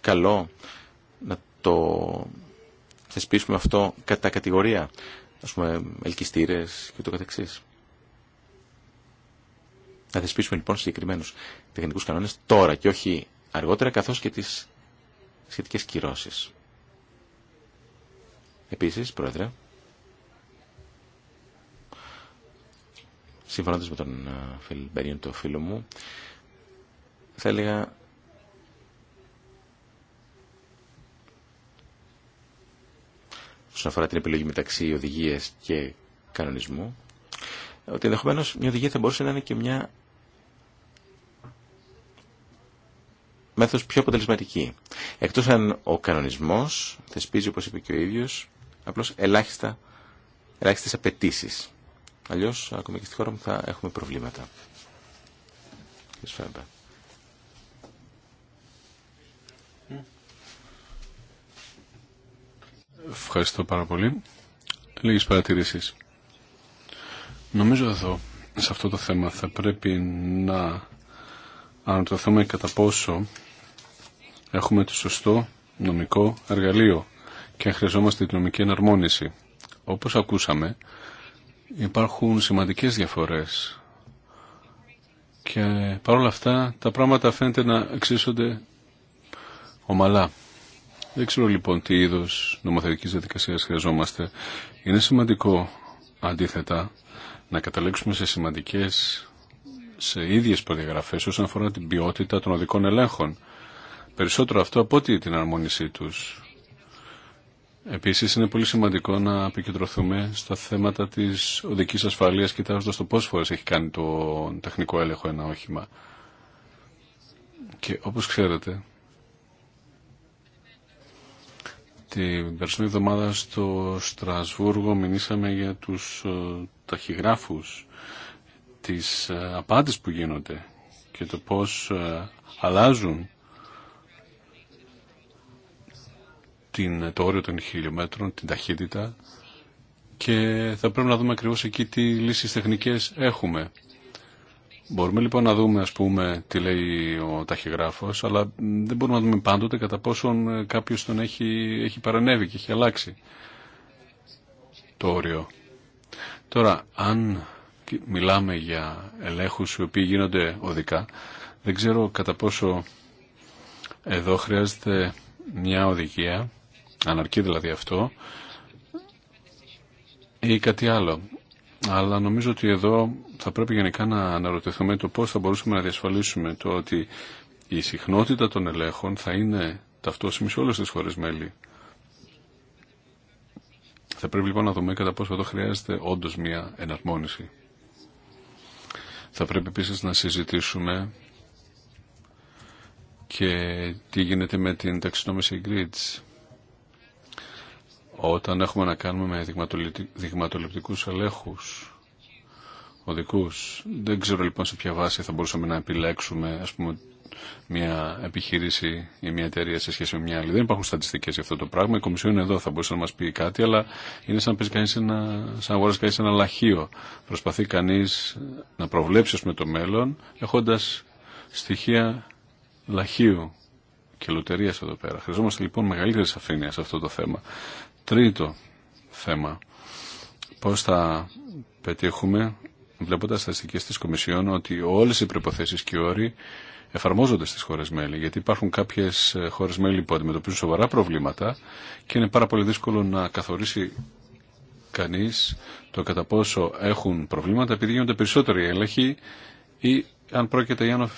καλό να το θεσπίσουμε αυτό κατά κατηγορία, ας πούμε ελκυστήρες και το καθεξής. Να θεσπίσουμε λοιπόν συγκεκριμένους τεχνικούς κανόνες τώρα και όχι αργότερα, καθώς και τις σχετικές κυρώσεις. Επίσης, Πρόεδρε, συμφωνώντας με τον ε, Φιλμπερίον, το φίλο μου, θα έλεγα όσον αφορά την επιλογή μεταξύ οδηγίες και κανονισμού, ότι ενδεχομένω μια οδηγία θα μπορούσε να είναι και μια μέθοδος πιο αποτελεσματική. Εκτός αν ο κανονισμός θεσπίζει, όπως είπε και ο ίδιος, απλώς ελάχιστα, ελάχιστες απαιτήσει. Αλλιώς, ακόμα και στη χώρα μου, θα έχουμε προβλήματα. Ευχαριστώ. Ευχαριστώ πάρα πολύ. Λίγες παρατηρήσεις. Νομίζω εδώ, σε αυτό το θέμα, θα πρέπει να αναρωτηθούμε κατά πόσο έχουμε το σωστό νομικό εργαλείο και χρειαζόμαστε τη νομική εναρμόνιση. Όπως ακούσαμε, υπάρχουν σημαντικές διαφορές και παρόλα αυτά τα πράγματα φαίνεται να εξίσονται ομαλά. Δεν ξέρω λοιπόν τι είδο νομοθετική διαδικασία χρειαζόμαστε. Είναι σημαντικό αντίθετα να καταλήξουμε σε σημαντικέ, σε ίδιε προδιαγραφέ όσον αφορά την ποιότητα των οδικών ελέγχων. Περισσότερο αυτό από ό,τι την αρμόνισή του. Επίσης είναι πολύ σημαντικό να επικεντρωθούμε στα θέματα της οδικής ασφαλείας κοιτάζοντα το πόσες φορέ έχει κάνει το τεχνικό έλεγχο ένα όχημα. Και όπω ξέρετε, Την περσμένη εβδομάδα στο Στρασβούργο μιλήσαμε για τους ε, ταχυγράφους, τις ε, απάντες που γίνονται και το πώς ε, αλλάζουν την, το όριο των χιλιόμετρων, την ταχύτητα και θα πρέπει να δούμε ακριβώς εκεί τι λύσεις τεχνικές έχουμε. Μπορούμε λοιπόν να δούμε ας πούμε τι λέει ο ταχυγράφος αλλά δεν μπορούμε να δούμε πάντοτε κατά πόσον ε, κάποιος τον έχει, έχει παρανέβει και έχει αλλάξει το όριο. Τώρα αν μιλάμε για ελέγχους οι οποίοι γίνονται οδικά δεν ξέρω κατά πόσο εδώ χρειάζεται μια οδηγία αναρκεί δηλαδή αυτό ή κάτι άλλο αλλά νομίζω ότι εδώ θα πρέπει γενικά να αναρωτηθούμε το πώς θα μπορούσαμε να διασφαλίσουμε το ότι η συχνότητα των ελέγχων θα είναι ταυτόσιμη σε όλες τις χώρες μέλη. Θα πρέπει λοιπόν να δούμε κατά πόσο εδώ χρειάζεται όντως μία εναρμόνιση. Θα πρέπει επίσης να συζητήσουμε και τι γίνεται με την ταξινόμηση grids όταν έχουμε να κάνουμε με δειγματοληπτικούς ελέγχους οδικούς. Δεν ξέρω λοιπόν σε ποια βάση θα μπορούσαμε να επιλέξουμε ας πούμε μια επιχείρηση ή μια εταιρεία σε σχέση με μια άλλη. Δεν υπάρχουν στατιστικέ για αυτό το πράγμα. Η Κομισιόν εδώ, θα μπορούσε να μα πει κάτι, αλλά είναι σαν να, κανεί ένα, σαν να αγοράσει κανεί ένα λαχείο. Προσπαθεί κανεί να προβλέψει με το μέλλον, έχοντα στοιχεία λαχείου και λουτερία εδώ πέρα. Χρειαζόμαστε λοιπόν μεγαλύτερη σαφήνεια σε αυτό το θέμα. Τρίτο θέμα. Πώς θα πετύχουμε βλέποντας τα στατιστικές της Κομισιόν ότι όλες οι προποθέσει και όροι εφαρμόζονται στις χώρες μέλη, γιατί υπάρχουν κάποιες ε, χώρες μέλη που αντιμετωπίζουν σοβαρά προβλήματα και είναι πάρα πολύ δύσκολο να καθορίσει κανείς το κατά πόσο έχουν προβλήματα επειδή γίνονται περισσότεροι έλεγχοι ή αν πρόκειται ή αν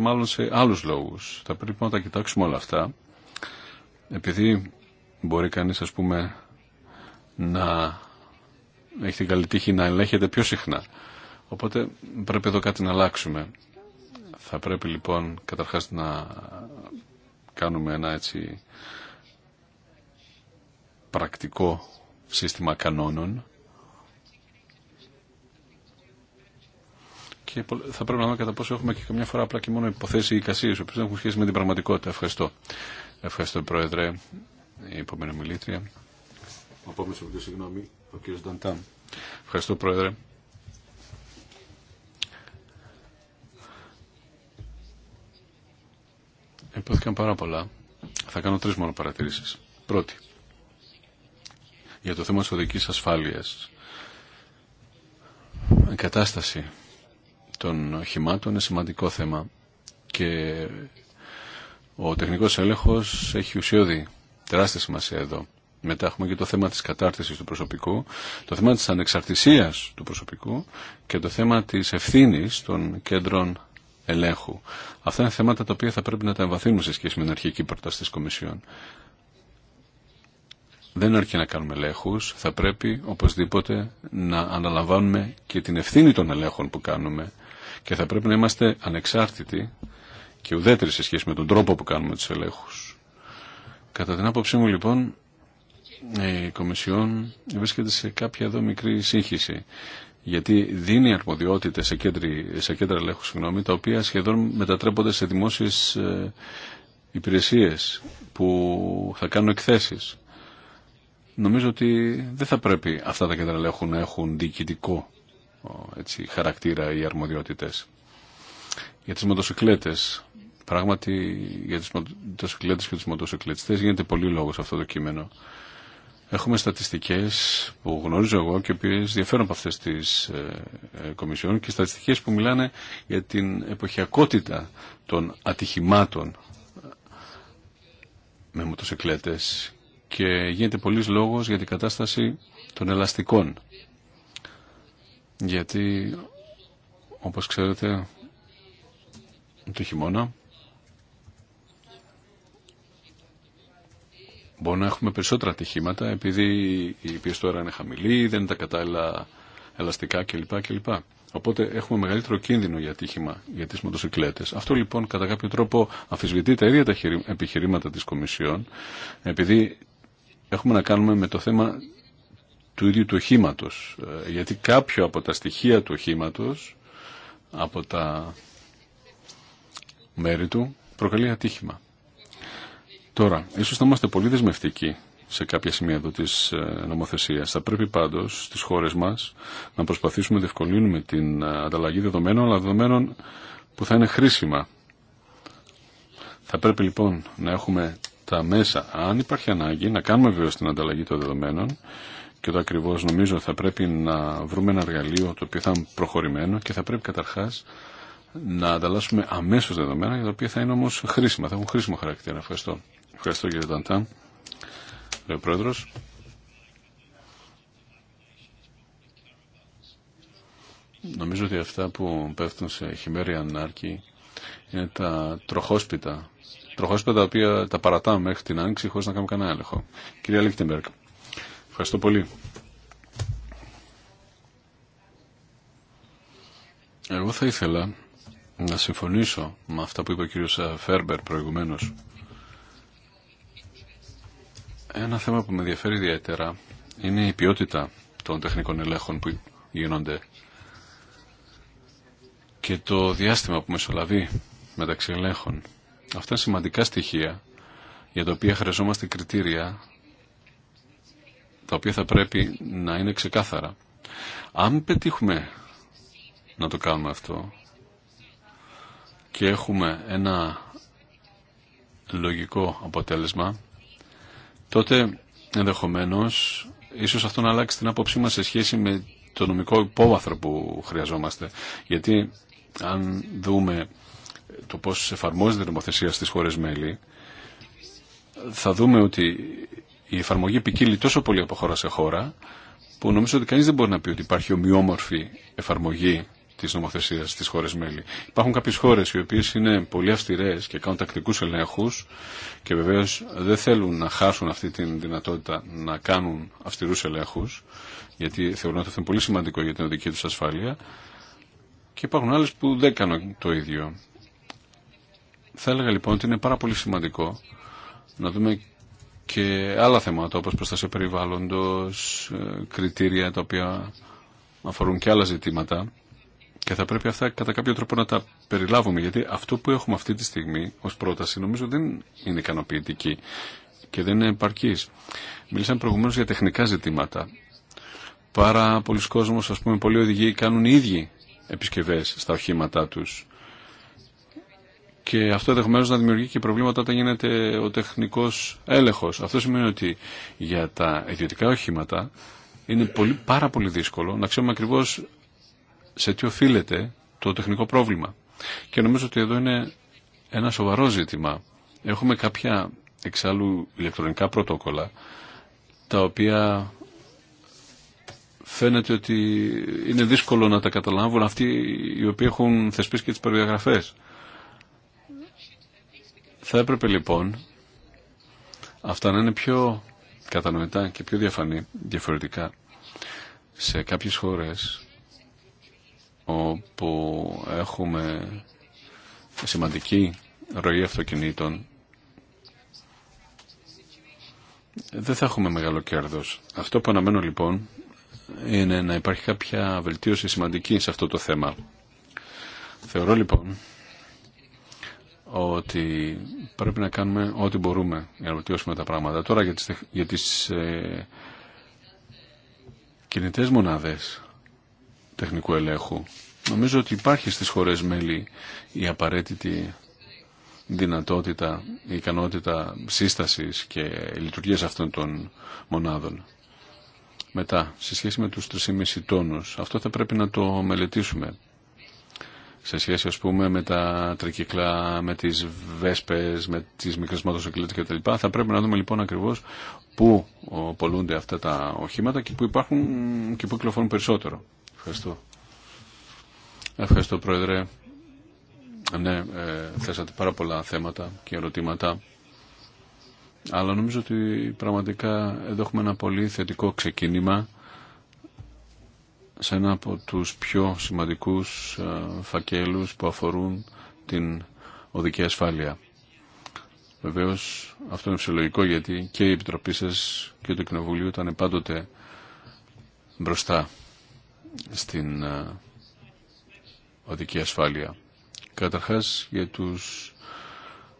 μάλλον σε άλλους λόγους. Θα πρέπει να τα κοιτάξουμε όλα αυτά. Επειδή Μπορεί κανείς ας πούμε να έχει την καλή τύχη να ελέγχεται πιο συχνά. Οπότε πρέπει εδώ κάτι να αλλάξουμε. Θα πρέπει λοιπόν καταρχάς να κάνουμε ένα έτσι πρακτικό σύστημα κανόνων και θα πρέπει να δούμε κατά πόσο έχουμε και καμιά φορά απλά και μόνο υποθέσει ή εικασίες, οποίες δεν έχουν σχέση με την πραγματικότητα. Ευχαριστώ. Ευχαριστώ Πρόεδρε η επόμενη μιλήτρια. απόμεσα από συγγνώμη, ο κύριος Νταντάν. Ευχαριστώ, Πρόεδρε. Υπόθηκαν πάρα πολλά. Θα κάνω τρεις μόνο παρατηρήσεις. Πρώτη, για το θέμα της οδικής ασφάλειας. Η κατάσταση των οχημάτων είναι σημαντικό θέμα και ο τεχνικός έλεγχος έχει ουσιώδη Τεράστια σημασία εδώ. Μετά έχουμε και το θέμα της κατάρτισης του προσωπικού, το θέμα της ανεξαρτησίας του προσωπικού και το θέμα της ευθύνης των κέντρων ελέγχου. Αυτά είναι θέματα τα οποία θα πρέπει να τα εμβαθύνουμε σε σχέση με την αρχική πρόταση της Κομισιόν. Δεν αρκεί να κάνουμε ελέγχου, θα πρέπει οπωσδήποτε να αναλαμβάνουμε και την ευθύνη των ελέγχων που κάνουμε και θα πρέπει να είμαστε ανεξάρτητοι και ουδέτεροι σε σχέση με τον τρόπο που κάνουμε τους ελέγχους. Κατά την άποψή μου λοιπόν η Κομισιόν βρίσκεται σε κάποια εδώ μικρή σύγχυση γιατί δίνει αρμοδιότητες σε, σε κέντρα ελέγχου συγγνώμη, τα οποία σχεδόν μετατρέπονται σε δημόσιες ε, υπηρεσίες που θα κάνουν εκθέσεις. Νομίζω ότι δεν θα πρέπει αυτά τα κέντρα ελέγχου να έχουν διοικητικό έτσι, χαρακτήρα ή αρμοδιότητες. Για τι μοτοσυκλέτε. Πράγματι για τους μοτοσυκλέτες και τους μοτοσυκλετιστές γίνεται πολύ λόγο σε αυτό το κείμενο. Έχουμε στατιστικές που γνωρίζω εγώ και οι οποίες διαφέρουν από αυτές τις ε, ε κομισιόν και στατιστικές που μιλάνε για την εποχιακότητα των ατυχημάτων ε, με μοτοσυκλέτες και γίνεται πολύ λόγος για την κατάσταση των ελαστικών. Γιατί, όπως ξέρετε, το χειμώνα Μπορεί να έχουμε περισσότερα ατυχήματα επειδή η πίεση του αέρα είναι χαμηλή, δεν είναι τα κατάλληλα ελαστικά κλπ. κλπ. Οπότε έχουμε μεγαλύτερο κίνδυνο για ατύχημα για τι μοτοσυκλέτε. Αυτό λοιπόν κατά κάποιο τρόπο αφισβητεί τα ίδια τα επιχειρήματα της Κομισιόν επειδή έχουμε να κάνουμε με το θέμα του ίδιου του οχήματο. Ε, γιατί κάποιο από τα στοιχεία του οχήματο, από τα μέρη του, προκαλεί ατύχημα. Τώρα, ίσω θα είμαστε πολύ δεσμευτικοί σε κάποια σημεία εδώ τη ε, νομοθεσία. Θα πρέπει πάντω στι χώρε μα να προσπαθήσουμε να διευκολύνουμε την ε, ανταλλαγή δεδομένων, αλλά δεδομένων που θα είναι χρήσιμα. Θα πρέπει λοιπόν να έχουμε τα μέσα, αν υπάρχει ανάγκη, να κάνουμε βέβαια την ανταλλαγή των δεδομένων και το ακριβώ νομίζω θα πρέπει να βρούμε ένα εργαλείο το οποίο θα είναι προχωρημένο και θα πρέπει καταρχά να ανταλλάσσουμε αμέσω δεδομένα για τα οποία θα είναι όμω χρήσιμα, θα έχουν χρήσιμο χαρακτήρα. Ευχαριστώ. Ευχαριστώ κύριε Ταντά. Λέω πρόεδρος. Νομίζω ότι αυτά που πέφτουν σε χειμέρια ανάρκη είναι τα τροχόσπιτα. Τροχόσπιτα τα οποία τα παρατάμε μέχρι την άνοιξη χωρίς να κάνουμε κανένα έλεγχο. Κυρία Λίχτεμπεργκ, ευχαριστώ πολύ. Εγώ θα ήθελα να συμφωνήσω με αυτά που είπε ο κύριος Φέρμπερ προηγουμένως. Ένα θέμα που με ενδιαφέρει ιδιαίτερα είναι η ποιότητα των τεχνικών ελέγχων που γίνονται και το διάστημα που μεσολαβεί μεταξύ ελέγχων. Αυτά είναι σημαντικά στοιχεία για τα οποία χρειαζόμαστε κριτήρια τα οποία θα πρέπει να είναι ξεκάθαρα. Αν πετύχουμε να το κάνουμε αυτό και έχουμε ένα λογικό αποτέλεσμα τότε ενδεχομένως ίσως αυτό να αλλάξει την άποψή μας σε σχέση με το νομικό υπόβαθρο που χρειαζόμαστε. Γιατί αν δούμε το πώς εφαρμόζεται η νομοθεσία στις χώρες μέλη, θα δούμε ότι η εφαρμογή ποικίλει τόσο πολύ από χώρα σε χώρα, που νομίζω ότι κανείς δεν μπορεί να πει ότι υπάρχει ομοιόμορφη εφαρμογή Τη νομοθεσία στι χώρε μέλη. Υπάρχουν κάποιε χώρε οι οποίε είναι πολύ αυστηρέ και κάνουν τακτικού ελέγχου και βεβαίω δεν θέλουν να χάσουν αυτή τη δυνατότητα να κάνουν αυστηρού ελέγχου, γιατί θεωρούν ότι αυτό είναι πολύ σημαντικό για την οδική του ασφάλεια και υπάρχουν άλλε που δεν κάνουν το ίδιο. Θα έλεγα λοιπόν ότι είναι πάρα πολύ σημαντικό να δούμε και άλλα θέματα όπως προστασία περιβάλλοντος, ε, κριτήρια τα οποία αφορούν και άλλα ζητήματα και θα πρέπει αυτά κατά κάποιο τρόπο να τα περιλάβουμε, γιατί αυτό που έχουμε αυτή τη στιγμή ως πρόταση νομίζω δεν είναι ικανοποιητική και δεν είναι επαρκής. Μίλησαμε προηγουμένως για τεχνικά ζητήματα. Πάρα πολλοί κόσμοι, ας πούμε, πολλοί οδηγοί κάνουν οι ίδιοι επισκευές στα οχήματά τους. Και αυτό ενδεχομένω να δημιουργεί και προβλήματα όταν γίνεται ο τεχνικό έλεγχο. Αυτό σημαίνει ότι για τα ιδιωτικά οχήματα είναι πολύ, πάρα πολύ δύσκολο να ξέρουμε ακριβώ σε τι οφείλεται το τεχνικό πρόβλημα. Και νομίζω ότι εδώ είναι ένα σοβαρό ζήτημα. Έχουμε κάποια εξάλλου ηλεκτρονικά πρωτόκολλα τα οποία φαίνεται ότι είναι δύσκολο να τα καταλάβουν αυτοί οι οποίοι έχουν θεσπίσει και τις περιγραφές. Θα έπρεπε λοιπόν αυτά να είναι πιο κατανοητά και πιο διαφανή διαφορετικά. Σε κάποιες χώρες όπου έχουμε σημαντική ροή αυτοκινήτων δεν θα έχουμε μεγάλο κέρδος. Αυτό που αναμένω λοιπόν είναι να υπάρχει κάποια βελτίωση σημαντική σε αυτό το θέμα. Θεωρώ λοιπόν ότι πρέπει να κάνουμε ό,τι μπορούμε για να βελτιώσουμε τα πράγματα. Τώρα για τις, για τις ε, κινητές μονάδες τεχνικού ελέγχου. Νομίζω ότι υπάρχει στις χώρες μέλη η απαραίτητη δυνατότητα, η ικανότητα σύστασης και λειτουργίας αυτών των μονάδων. Μετά, σε σχέση με τους 3,5 τόνους, αυτό θα πρέπει να το μελετήσουμε. Σε σχέση, ας πούμε, με τα τρικυκλά, με τις βέσπες, με τις μικρές μοτοσοκλήτες κτλ. Θα πρέπει να δούμε λοιπόν ακριβώς πού πολλούνται αυτά τα οχήματα και πού υπάρχουν και πού κυκλοφορούν περισσότερο. Ευχαριστώ. Ευχαριστώ Πρόεδρε. Ε, ναι, ε, θέσατε πάρα πολλά θέματα και ερωτήματα. Αλλά νομίζω ότι πραγματικά εδώ έχουμε ένα πολύ θετικό ξεκίνημα σε ένα από τους πιο σημαντικούς ε, φακέλους που αφορούν την οδική ασφάλεια. Βεβαίως αυτό είναι φυσιολογικό γιατί και η Επιτροπή και το Κοινοβουλίο ήταν πάντοτε μπροστά στην ε, οδική ασφάλεια. Καταρχάς για τους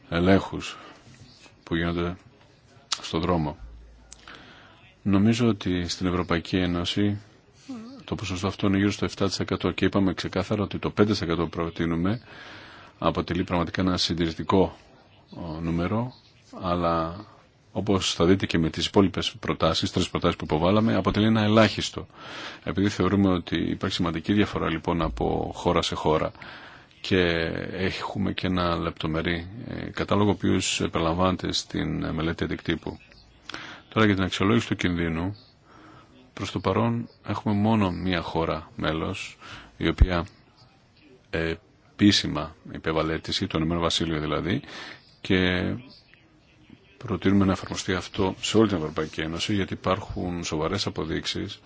ελέγχους που γίνονται στο δρόμο. Νομίζω ότι στην Ευρωπαϊκή Ένωση το ποσοστό αυτό είναι γύρω στο 7% και είπαμε ξεκάθαρα ότι το 5% που προτείνουμε αποτελεί πραγματικά ένα συντηρητικό νούμερο αλλά Όπω θα δείτε και με τις υπόλοιπε προτάσεις, τρει προτάσεις που υποβάλαμε, αποτελεί ένα ελάχιστο. Επειδή θεωρούμε ότι υπάρχει σημαντική διαφορά λοιπόν από χώρα σε χώρα και έχουμε και ένα λεπτομερή ε, κατάλογο ο οποίο περιλαμβάνεται στην μελέτη αντικτύπου. Τώρα για την αξιολόγηση του κινδύνου, προς το παρόν έχουμε μόνο μία χώρα μέλο, η οποία επίσημα υπέβαλε αίτηση, το Ηνωμένο Βασίλειο δηλαδή, και προτείνουμε να εφαρμοστεί αυτό σε όλη την Ευρωπαϊκή Ένωση γιατί υπάρχουν σοβαρές αποδείξεις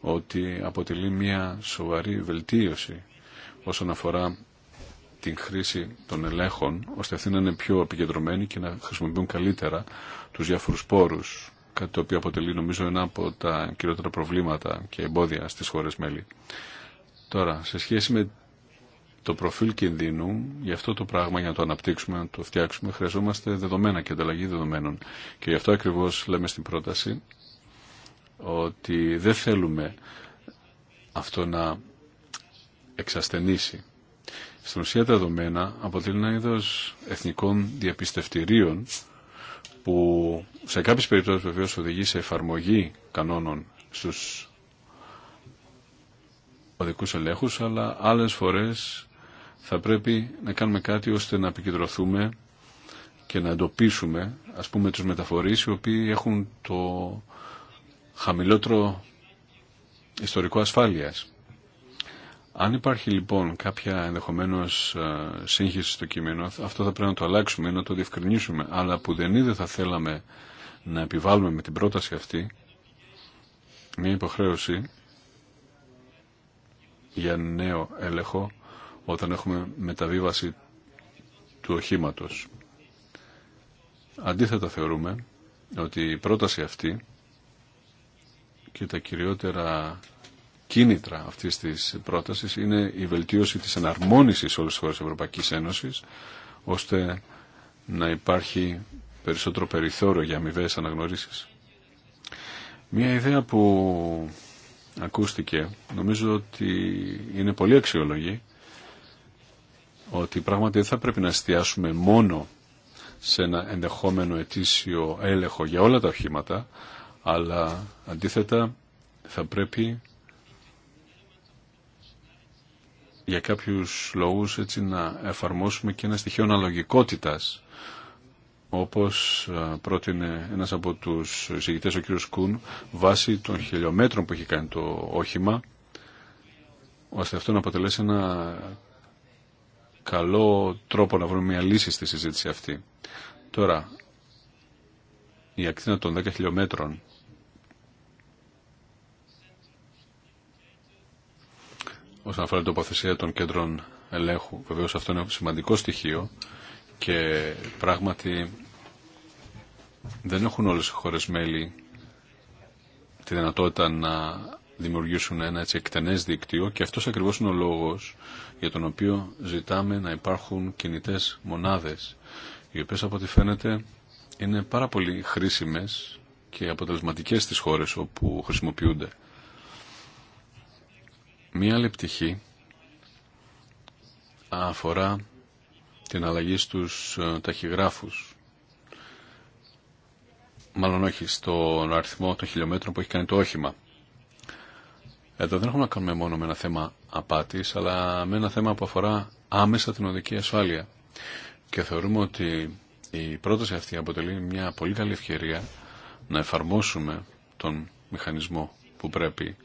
ότι αποτελεί μια σοβαρή βελτίωση όσον αφορά την χρήση των ελέγχων ώστε αυτοί να είναι πιο επικεντρωμένοι και να χρησιμοποιούν καλύτερα τους διάφορου πόρου, κάτι το οποίο αποτελεί νομίζω ένα από τα κυριότερα προβλήματα και εμπόδια στι χώρε μέλη. Τώρα, σε σχέση με το προφίλ κινδύνου, γι' αυτό το πράγμα, για να το αναπτύξουμε, να το φτιάξουμε, χρειαζόμαστε δεδομένα και ανταλλαγή δεδομένων. Και γι' αυτό ακριβώς λέμε στην πρόταση ότι δεν θέλουμε αυτό να εξασθενήσει. Στην ουσία τα δεδομένα αποτελούν ένα είδο εθνικών διαπιστευτηρίων που σε κάποιες περιπτώσεις βεβαίως οδηγεί σε εφαρμογή κανόνων στους οδικούς ελέγχους, αλλά άλλες φορές θα πρέπει να κάνουμε κάτι ώστε να επικεντρωθούμε και να εντοπίσουμε ας πούμε τους μεταφορείς οι οποίοι έχουν το χαμηλότερο ιστορικό ασφάλειας. Αν υπάρχει λοιπόν κάποια ενδεχομένως ε, σύγχυση στο κείμενο, αυτό θα πρέπει να το αλλάξουμε, να το διευκρινίσουμε. Αλλά που δεν είδε θα θέλαμε να επιβάλλουμε με την πρόταση αυτή μια υποχρέωση για νέο έλεγχο όταν έχουμε μεταβίβαση του οχήματος. Αντίθετα θεωρούμε ότι η πρόταση αυτή και τα κυριότερα κίνητρα αυτής της πρότασης είναι η βελτίωση της εναρμόνισης όλες τις χώρες της Ευρωπαϊκής Ένωσης ώστε να υπάρχει περισσότερο περιθώριο για αμοιβέ αναγνωρίσεις. Μία ιδέα που ακούστηκε νομίζω ότι είναι πολύ αξιολογή ότι πράγματι δεν θα πρέπει να εστιάσουμε μόνο σε ένα ενδεχόμενο ετήσιο έλεγχο για όλα τα οχήματα, αλλά αντίθετα θα πρέπει για κάποιους λόγους έτσι να εφαρμόσουμε και ένα στοιχείο αναλογικότητας όπως ε, πρότεινε ένας από τους εισηγητές ο κ. Κούν βάσει των χιλιόμετρων που έχει κάνει το όχημα ώστε αυτό να αποτελέσει ένα καλό τρόπο να βρούμε μια λύση στη συζήτηση αυτή. Τώρα, η ακτίνα των 10 χιλιόμετρων όσον αφορά την τοποθεσία των κέντρων ελέγχου. Βεβαίως αυτό είναι σημαντικό στοιχείο και πράγματι δεν έχουν όλες οι χώρες μέλη τη δυνατότητα να δημιουργήσουν ένα έτσι εκτενές δίκτυο και αυτός ακριβώς είναι ο λόγος για τον οποίο ζητάμε να υπάρχουν κινητές μονάδες οι οποίες από ό,τι φαίνεται είναι πάρα πολύ χρήσιμες και αποτελεσματικές στις χώρες όπου χρησιμοποιούνται. Μία άλλη πτυχή αφορά την αλλαγή στους ε, ταχυγράφους. Μάλλον όχι, στον αριθμό των χιλιόμετρων που έχει κάνει το όχημα. Εδώ δεν έχουμε να κάνουμε μόνο με ένα θέμα απάτης, αλλά με ένα θέμα που αφορά άμεσα την οδική ασφάλεια. Και θεωρούμε ότι η πρόταση αυτή αποτελεί μια πολύ καλή ευκαιρία να εφαρμόσουμε τον μηχανισμό που πρέπει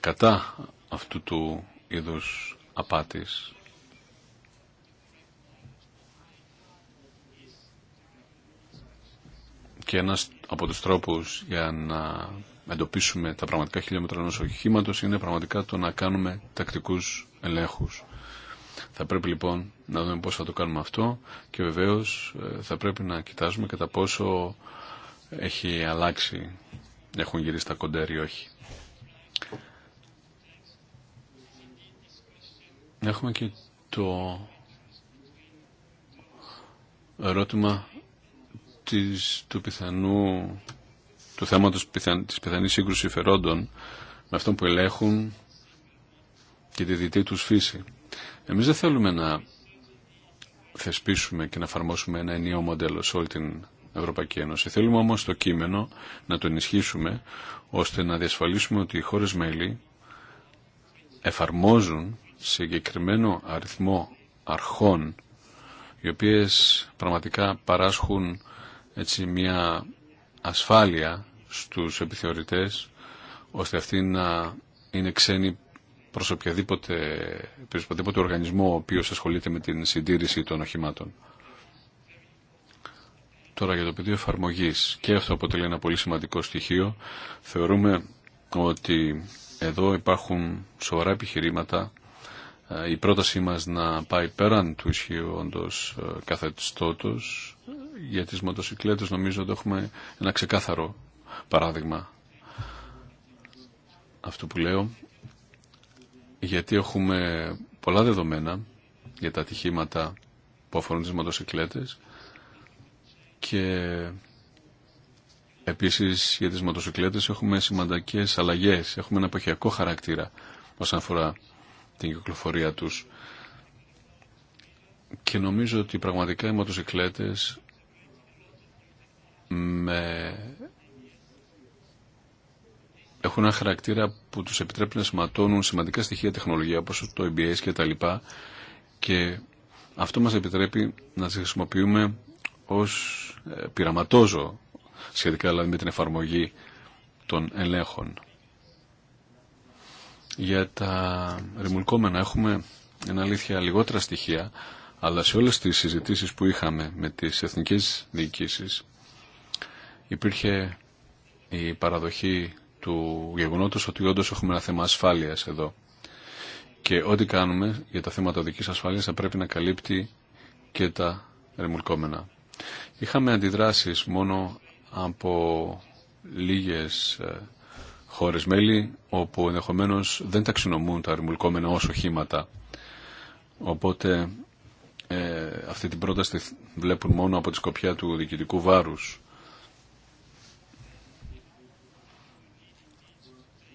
κατά αυτού του είδους απάτης. Και ένας από τους τρόπους για να εντοπίσουμε τα πραγματικά χιλιόμετρα ενό οχήματο, είναι πραγματικά το να κάνουμε τακτικούς ελέγχους. Θα πρέπει λοιπόν να δούμε πώς θα το κάνουμε αυτό και βεβαίως ε, θα πρέπει να κοιτάζουμε κατά πόσο έχει αλλάξει, έχουν γυρίσει τα κοντέρ ή όχι. Έχουμε και το ερώτημα της, του πιθανού του θέματος της πιθανής σύγκρουση φερόντων με αυτόν που ελέγχουν και τη δυτή τους φύση. Εμείς δεν θέλουμε να θεσπίσουμε και να εφαρμόσουμε ένα ενίο μοντέλο σε όλη την Ευρωπαϊκή Ένωση. Θέλουμε όμως το κείμενο να το ενισχύσουμε ώστε να διασφαλίσουμε ότι οι χώρες μέλη εφαρμόζουν συγκεκριμένο αριθμό αρχών οι οποίες πραγματικά παράσχουν έτσι μια ασφάλεια στους επιθεωρητές ώστε αυτοί να είναι ξένοι προς οποιαδήποτε, προς οργανισμό ο οποίος ασχολείται με την συντήρηση των οχημάτων. Τώρα για το πεδίο εφαρμογή και αυτό αποτελεί ένα πολύ σημαντικό στοιχείο. Θεωρούμε ότι εδώ υπάρχουν σοβαρά επιχειρήματα ε, η πρότασή μας να πάει πέραν του ισχύοντος ε, καθεστώτος για τις μοτοσυκλέτες νομίζω ότι έχουμε ένα ξεκάθαρο παράδειγμα αυτού που λέω γιατί έχουμε πολλά δεδομένα για τα ατυχήματα που αφορούν τις μοτοσυκλέτες και επίσης για τις μοτοσυκλέτες έχουμε σημαντικές αλλαγές, έχουμε ένα εποχιακό χαρακτήρα όσον αφορά την κυκλοφορία τους και νομίζω ότι πραγματικά οι μοτοσυκλέτες με έχουν ένα χαρακτήρα που τους επιτρέπει να σηματώνουν σημαντικά στοιχεία τεχνολογία όπως το EBS και τα λοιπά και αυτό μας επιτρέπει να τις χρησιμοποιούμε ως ε, πειραματόζω σχετικά δηλαδή με την εφαρμογή των ελέγχων. Για τα ρημουλκόμενα έχουμε είναι αλήθεια λιγότερα στοιχεία αλλά σε όλες τις συζητήσεις που είχαμε με τις εθνικές διοικήσεις υπήρχε η παραδοχή του γεγονότος ότι όντω έχουμε ένα θέμα ασφάλειας εδώ. Και ό,τι κάνουμε για τα θέματα οδικής ασφάλειας θα πρέπει να καλύπτει και τα ρεμουλκόμενα. Είχαμε αντιδράσεις μόνο από λίγες ε, χώρες μέλη όπου ενδεχομένω δεν ταξινομούν τα ρημουλκόμενα όσο οχήματα. Οπότε ε, αυτή την πρόταση βλέπουν μόνο από τη σκοπιά του διοικητικού βάρους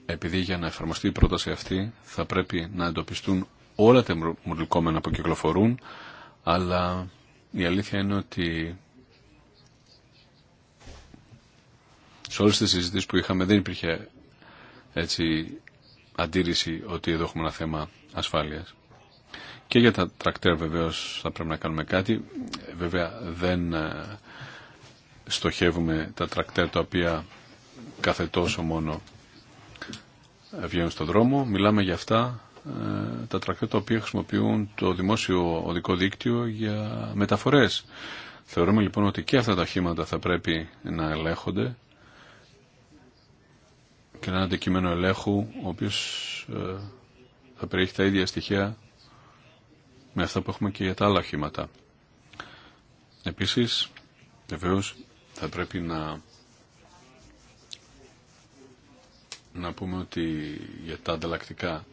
επειδή για να εφαρμοστεί η πρόταση αυτή θα πρέπει να εντοπιστούν όλα τα μολυκόμενα που κυκλοφορούν, αλλά η αλήθεια είναι ότι σε όλες τις συζητήσεις που είχαμε δεν υπήρχε έτσι αντίρρηση ότι εδώ έχουμε ένα θέμα ασφάλειας. Και για τα τρακτέρ βεβαίως θα πρέπει να κάνουμε κάτι. Βέβαια δεν ε, στοχεύουμε τα τρακτέρ τα οποία κάθε τόσο μόνο βγαίνουν στον δρόμο. Μιλάμε για αυτά ε, τα τρακτέρ τα οποία χρησιμοποιούν το δημόσιο οδικό δίκτυο για μεταφορές. Θεωρούμε λοιπόν ότι και αυτά τα οχήματα θα πρέπει να ελέγχονται και να είναι αντικείμενο ελέγχου ο οποίος ε, θα περιέχει τα ίδια στοιχεία με αυτά που έχουμε και για τα άλλα οχήματα. Επίσης, βεβαίω θα πρέπει να να πούμε ότι για τα ανταλλακτικά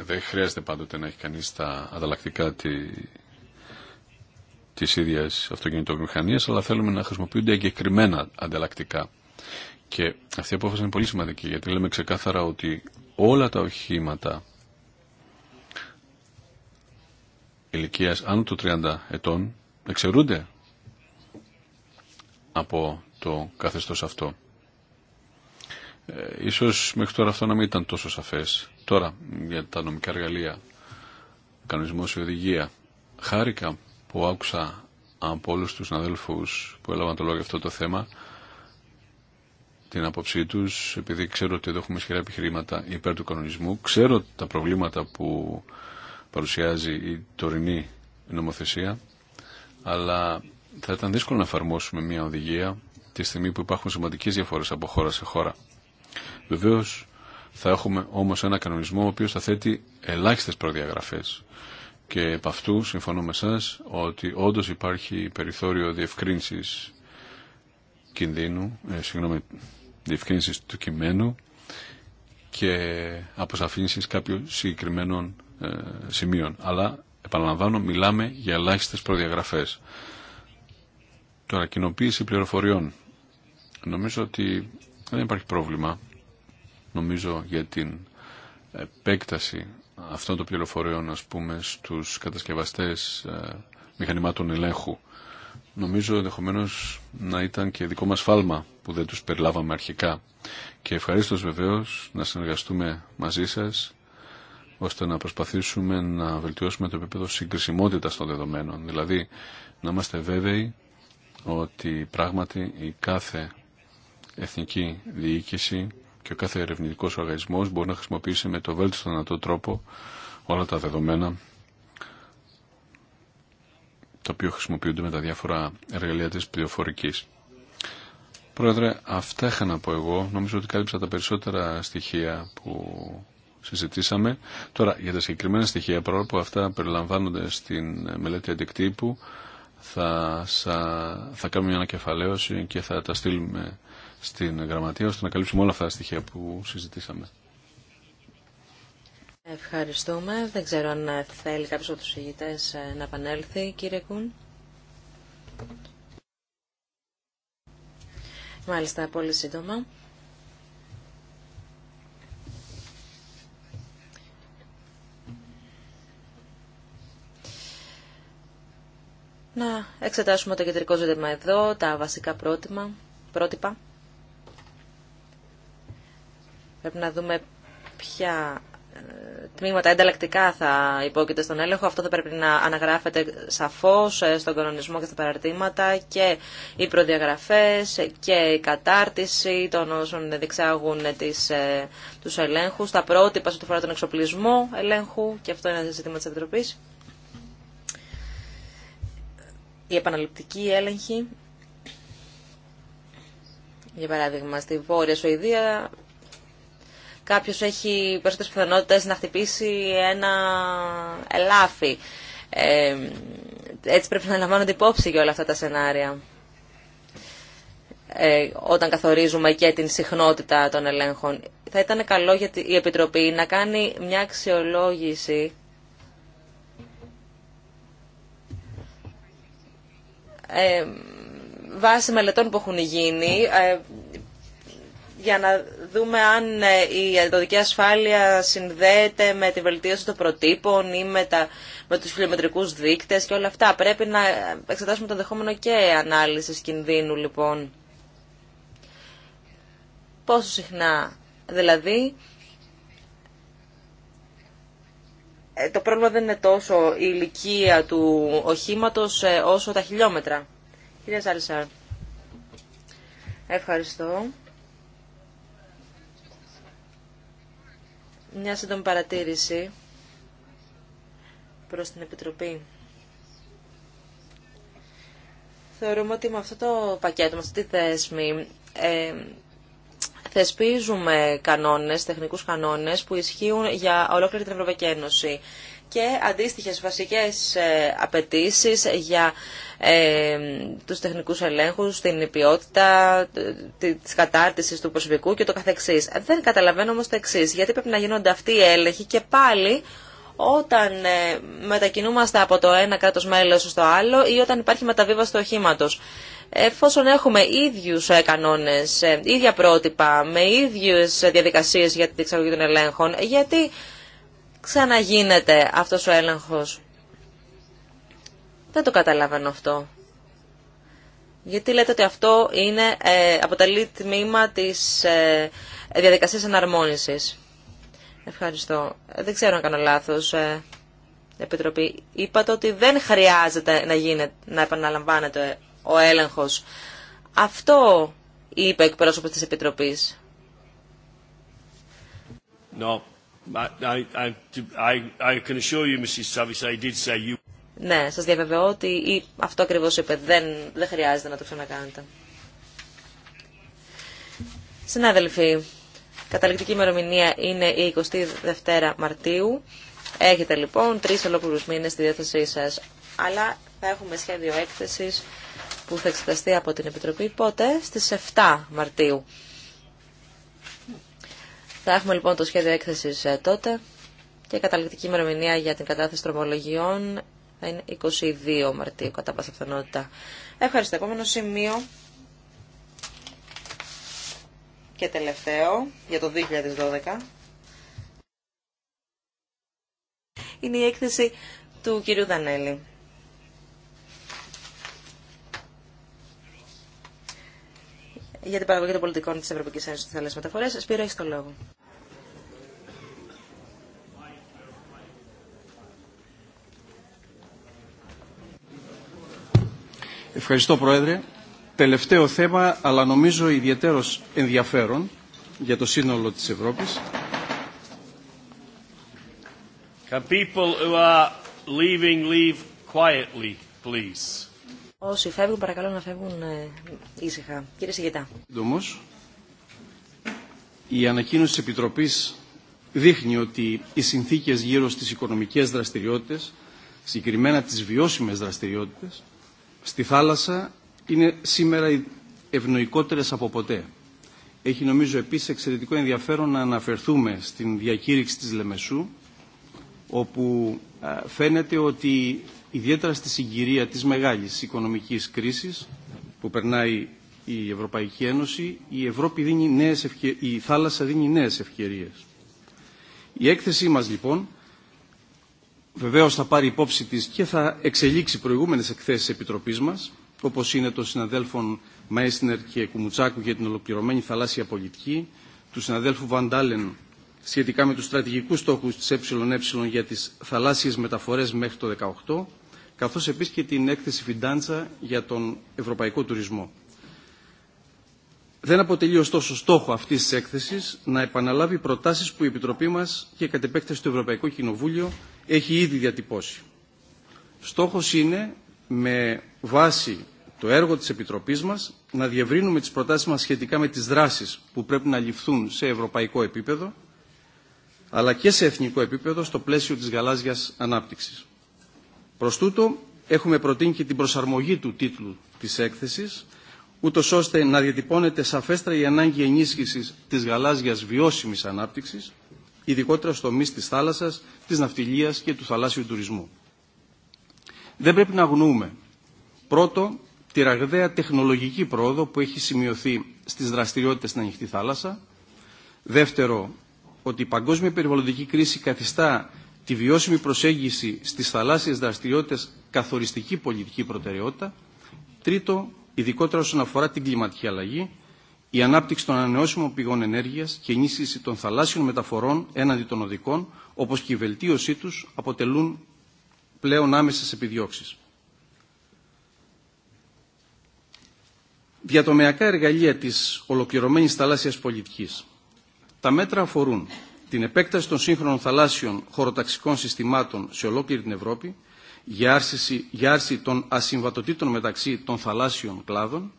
δεν χρειάζεται πάντοτε να έχει κανείς τα ανταλλακτικά τη, της ίδιας αυτοκινητοβιομηχανίας, αλλά θέλουμε να χρησιμοποιούνται εγκεκριμένα ανταλλακτικά. Και αυτή η απόφαση είναι πολύ σημαντική, γιατί λέμε ξεκάθαρα ότι όλα τα οχήματα ηλικίας άνω του 30 ετών εξαιρούνται από το καθεστώς αυτό. Ε, ίσως μέχρι τώρα αυτό να μην ήταν τόσο σαφές. Τώρα, για τα νομικά εργαλεία, κανονισμό η οδηγία. Χάρηκα που άκουσα από όλους τους αδέλφους που έλαβαν το λόγο για αυτό το θέμα την άποψή τους, επειδή ξέρω ότι εδώ έχουμε ισχυρά επιχειρήματα υπέρ του κανονισμού, ξέρω τα προβλήματα που παρουσιάζει η τωρινή νομοθεσία, αλλά θα ήταν δύσκολο να εφαρμόσουμε μια οδηγία τη στιγμή που υπάρχουν σημαντικές διαφορές από χώρα σε χώρα. Βεβαίω θα έχουμε όμως ένα κανονισμό ο οποίο θα θέτει ελάχιστες προδιαγραφές και επ' αυτού συμφωνώ με εσά ότι όντω υπάρχει περιθώριο διευκρίνηση κινδύνου, ε, συγγνώμη, του κειμένου και αποσαφήνισης κάποιων συγκεκριμένων ε, σημείων. Αλλά, επαναλαμβάνω, μιλάμε για ελάχιστε προδιαγραφέ. Τώρα, κοινοποίηση πληροφοριών. Νομίζω ότι δεν υπάρχει πρόβλημα, νομίζω, για την επέκταση αυτών των πληροφοριών, ας πούμε, στους κατασκευαστές ε, μηχανημάτων ελέγχου. Νομίζω ενδεχομένω να ήταν και δικό μας φάλμα που δεν τους περιλάβαμε αρχικά. Και ευχαρίστω βεβαίως να συνεργαστούμε μαζί σας ώστε να προσπαθήσουμε να βελτιώσουμε το επίπεδο συγκρισιμότητας των δεδομένων. Δηλαδή να είμαστε βέβαιοι ότι πράγματι η κάθε εθνική διοίκηση και ο κάθε ερευνητικό οργανισμό μπορεί να χρησιμοποιήσει με το βέλτιστο δυνατό τρόπο όλα τα δεδομένα τα οποία χρησιμοποιούνται με τα διάφορα εργαλεία τη πληροφορική. Πρόεδρε, αυτά είχα να πω εγώ. Νομίζω ότι κάλυψα τα περισσότερα στοιχεία που συζητήσαμε. Τώρα, για τα συγκεκριμένα στοιχεία, παρόλο που αυτά περιλαμβάνονται στην μελέτη αντικτύπου, θα, θα κάνουμε μια ανακεφαλαίωση και θα τα στείλουμε στην γραμματεία ώστε να καλύψουμε όλα αυτά τα στοιχεία που συζητήσαμε. Ευχαριστούμε. Δεν ξέρω αν θέλει κάποιος από τους ηγητές ε, να επανέλθει, κύριε Κούν. Μάλιστα, πολύ σύντομα. Να εξετάσουμε το κεντρικό ζήτημα εδώ, τα βασικά πρότυπα. Πρέπει να δούμε ποια ε, τμήματα ενταλλακτικά θα υπόκειται στον έλεγχο. Αυτό θα πρέπει να αναγράφεται σαφώς ε, στον κανονισμό και στα παραρτήματα και οι προδιαγραφές και η κατάρτιση των όσων διεξάγουν του ε, τους ελέγχους, τα πρότυπα σε φορά τον εξοπλισμό ελέγχου και αυτό είναι ένα ζήτημα της Επιτροπής. Η επαναληπτική έλεγχη, για παράδειγμα στη Βόρεια Σουηδία, Κάποιο έχει περισσότερες πιθανότητε να χτυπήσει ένα ελάφι. Ε, έτσι πρέπει να λαμβάνονται υπόψη για όλα αυτά τα σενάρια ε, όταν καθορίζουμε και την συχνότητα των ελέγχων. Θα ήταν καλό για η Επιτροπή να κάνει μια αξιολόγηση ε, βάσει μελετών που έχουν γίνει, ε, για να δούμε αν ε, η αντιδοτική ασφάλεια συνδέεται με τη βελτίωση των προτύπων ή με, τα, με τους φιλομετρικούς δείκτες και όλα αυτά. Πρέπει να εξετάσουμε το δεχόμενο και ανάλυσης κινδύνου λοιπόν. Πόσο συχνά δηλαδή ε, το πρόβλημα δεν είναι τόσο η ηλικία του οχήματος ε, όσο τα χιλιόμετρα. Κυρία Σάλισαρ. Ευχαριστώ. Μια σύντομη παρατήρηση προς την Επιτροπή. Θεωρούμε ότι με αυτό το πακέτο, με αυτή τη θέσμη, ε, θεσπίζουμε κανόνες, τεχνικούς κανόνες που ισχύουν για ολόκληρη την Ευρωπαϊκή Ένωση και αντίστοιχες βασικές ε, απαιτήσεις για ε, τους τεχνικούς ελέγχους, την ποιότητα της κατάρτισης του προσωπικού και το καθεξής. Δεν καταλαβαίνω όμως το εξή, γιατί πρέπει να γίνονται αυτοί οι έλεγχοι και πάλι όταν ε, μετακινούμαστε από το ένα κράτος μέλος στο άλλο ή όταν υπάρχει μεταβίβαση του οχήματο. Εφόσον έχουμε ίδιους ε, κανόνες, ε, ίδια πρότυπα, με ίδιες διαδικασίες για την εξαγωγή των ελέγχων, γιατί ξαναγίνεται αυτός ο έλεγχος. Δεν το καταλαβαίνω αυτό. Γιατί λέτε ότι αυτό είναι, ε, αποτελεί τμήμα της ε, διαδικασίας εναρμόνισης. Ευχαριστώ. Δεν ξέρω αν κάνω λάθος, ε, Επιτροπή. Είπατε ότι δεν χρειάζεται να, γίνεται, να επαναλαμβάνεται ο έλεγχος. Αυτό είπε ο εκπρόσωπος της Επιτροπής. No. I, I, I, I can assure you, Mrs. Savis, I did say you... Ναι, σας διαβεβαιώ ότι ή, αυτό ακριβώς είπε, δεν, δεν χρειάζεται να το ξανακάνετε. Συνάδελφοι, καταληκτική ημερομηνία είναι η 22 Μαρτίου. Έχετε λοιπόν τρει ολόκληρου μήνε στη διάθεσή σα. Αλλά θα έχουμε σχέδιο έκθεση που θα εξεταστεί από την Επιτροπή πότε στι 7 Μαρτίου. Θα έχουμε λοιπόν το σχέδιο έκθεση ε, τότε και καταληκτική ημερομηνία για την κατάθεση τρομολογιών θα είναι 22 Μαρτίου κατά πάσα πιθανότητα. Ευχαριστώ. Επόμενο σημείο και τελευταίο για το 2012 είναι η έκθεση του κυρίου Δανέλη. για την παραγωγή των πολιτικών της Ευρωπαϊκής Ένωση μεταφορές. Σπύρο, έχει το λόγο. Ευχαριστώ Πρόεδρε. Τελευταίο θέμα, αλλά νομίζω ιδιαίτερος ενδιαφέρον για το σύνολο της Ευρώπης. Can people who are leaving leave quietly, please? Όσοι φεύγουν, παρακαλώ να φεύγουν ε, ήσυχα. Κύριε Σιγητά. η ανακοίνωση της Επιτροπής δείχνει ότι οι συνθήκες γύρω στις οικονομικές δραστηριότητες, συγκεκριμένα τις βιώσιμες δραστηριότητες, στη θάλασσα είναι σήμερα ευνοϊκότερες από ποτέ. Έχει νομίζω επίσης εξαιρετικό ενδιαφέρον να αναφερθούμε στην διακήρυξη της Λεμεσού όπου φαίνεται ότι ιδιαίτερα στη συγκυρία της μεγάλης οικονομικής κρίσης που περνάει η Ευρωπαϊκή Ένωση η, Ευρώπη δίνει νέες η θάλασσα δίνει νέες ευκαιρίες. Η έκθεσή μας λοιπόν Βεβαίως θα πάρει υπόψη της και θα εξελίξει προηγούμενες εκθέσεις Επιτροπής μας, όπως είναι των συναδέλφων Μέισνερ και Κουμουτσάκου για την ολοκληρωμένη θαλάσσια πολιτική, του συναδέλφου Βαντάλεν σχετικά με τους στρατηγικούς στόχους της ΕΕ για τις θαλάσσιες μεταφορές μέχρι το 2018, καθώς επίσης και την έκθεση Φιντάντσα για τον ευρωπαϊκό τουρισμό. Δεν αποτελεί ωστόσο στόχο αυτή τη έκθεση να επαναλάβει προτάσει που η Επιτροπή μα και κατ' επέκταση το Ευρωπαϊκό Κοινοβούλιο έχει ήδη διατυπώσει. Στόχο είναι, με βάση το έργο τη Επιτροπή μα, να διευρύνουμε τι προτάσει μα σχετικά με τι δράσει που πρέπει να ληφθούν σε ευρωπαϊκό επίπεδο, αλλά και σε εθνικό επίπεδο στο πλαίσιο τη γαλάζια ανάπτυξη. Προ τούτο, έχουμε προτείνει και την προσαρμογή του τίτλου τη έκθεση ούτω ώστε να διατυπώνεται σαφέστρα η ανάγκη ενίσχυση τη γαλάζια βιώσιμη ανάπτυξη, ειδικότερα στο τομεί τη θάλασσα, τη ναυτιλία και του θαλάσσιου τουρισμού. Δεν πρέπει να αγνοούμε πρώτο τη ραγδαία τεχνολογική πρόοδο που έχει σημειωθεί στι δραστηριότητε στην ανοιχτή θάλασσα. Δεύτερο, ότι η παγκόσμια περιβαλλοντική κρίση καθιστά τη βιώσιμη προσέγγιση στι θαλάσσιε δραστηριότητε καθοριστική πολιτική προτεραιότητα. Τρίτο, ειδικότερα όσον αφορά την κλιματική αλλαγή, η ανάπτυξη των ανανεώσιμων πηγών ενέργεια και η ενίσχυση των θαλάσσιων μεταφορών έναντι των οδικών, όπω και η βελτίωσή του, αποτελούν πλέον άμεσε επιδιώξει. Διατομιακά εργαλεία τη ολοκληρωμένη θαλάσσια πολιτική. Τα μέτρα αφορούν την επέκταση των σύγχρονων θαλάσσιων χωροταξικών συστημάτων σε ολόκληρη την Ευρώπη, για άρση των ασυμβατοτήτων μεταξύ των θαλάσσιων κλάδων,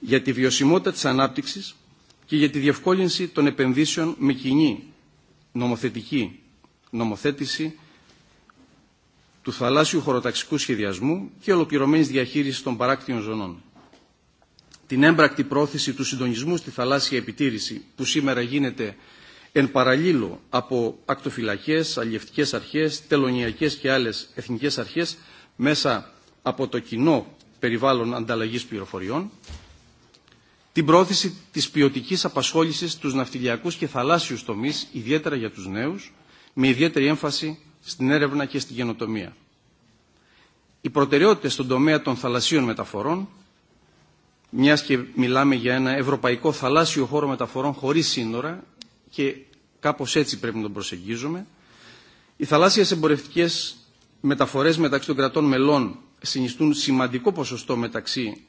για τη βιωσιμότητα της ανάπτυξης και για τη διευκόλυνση των επενδύσεων με κοινή νομοθετική νομοθέτηση του θαλάσσιου χωροταξικού σχεδιασμού και ολοκληρωμένης διαχείρισης των παράκτιων ζωνών. Την έμπρακτη πρόθεση του συντονισμού στη θαλάσσια επιτήρηση που σήμερα γίνεται Εν παραλίλω από ακτοφυλακές, αλλιευτικές αρχές, τελωνιακές και άλλες εθνικές αρχές μέσα από το κοινό περιβάλλον ανταλλαγής πληροφοριών, την πρόθεση της ποιοτικής απασχόλησης στους ναυτιλιακούς και θαλάσσιους τομείς, ιδιαίτερα για τους νέους, με ιδιαίτερη έμφαση στην έρευνα και στην καινοτομία. Οι προτεραιότητες στον τομέα των θαλασσίων μεταφορών, μιας και μιλάμε για ένα ευρωπαϊκό θαλάσσιο χώρο μεταφορών χωρίς σύνορα, και κάπως έτσι πρέπει να τον προσεγγίζουμε. Οι θαλάσσιες εμπορευτικές μεταφορές μεταξύ των κρατών μελών συνιστούν σημαντικό ποσοστό μεταξύ,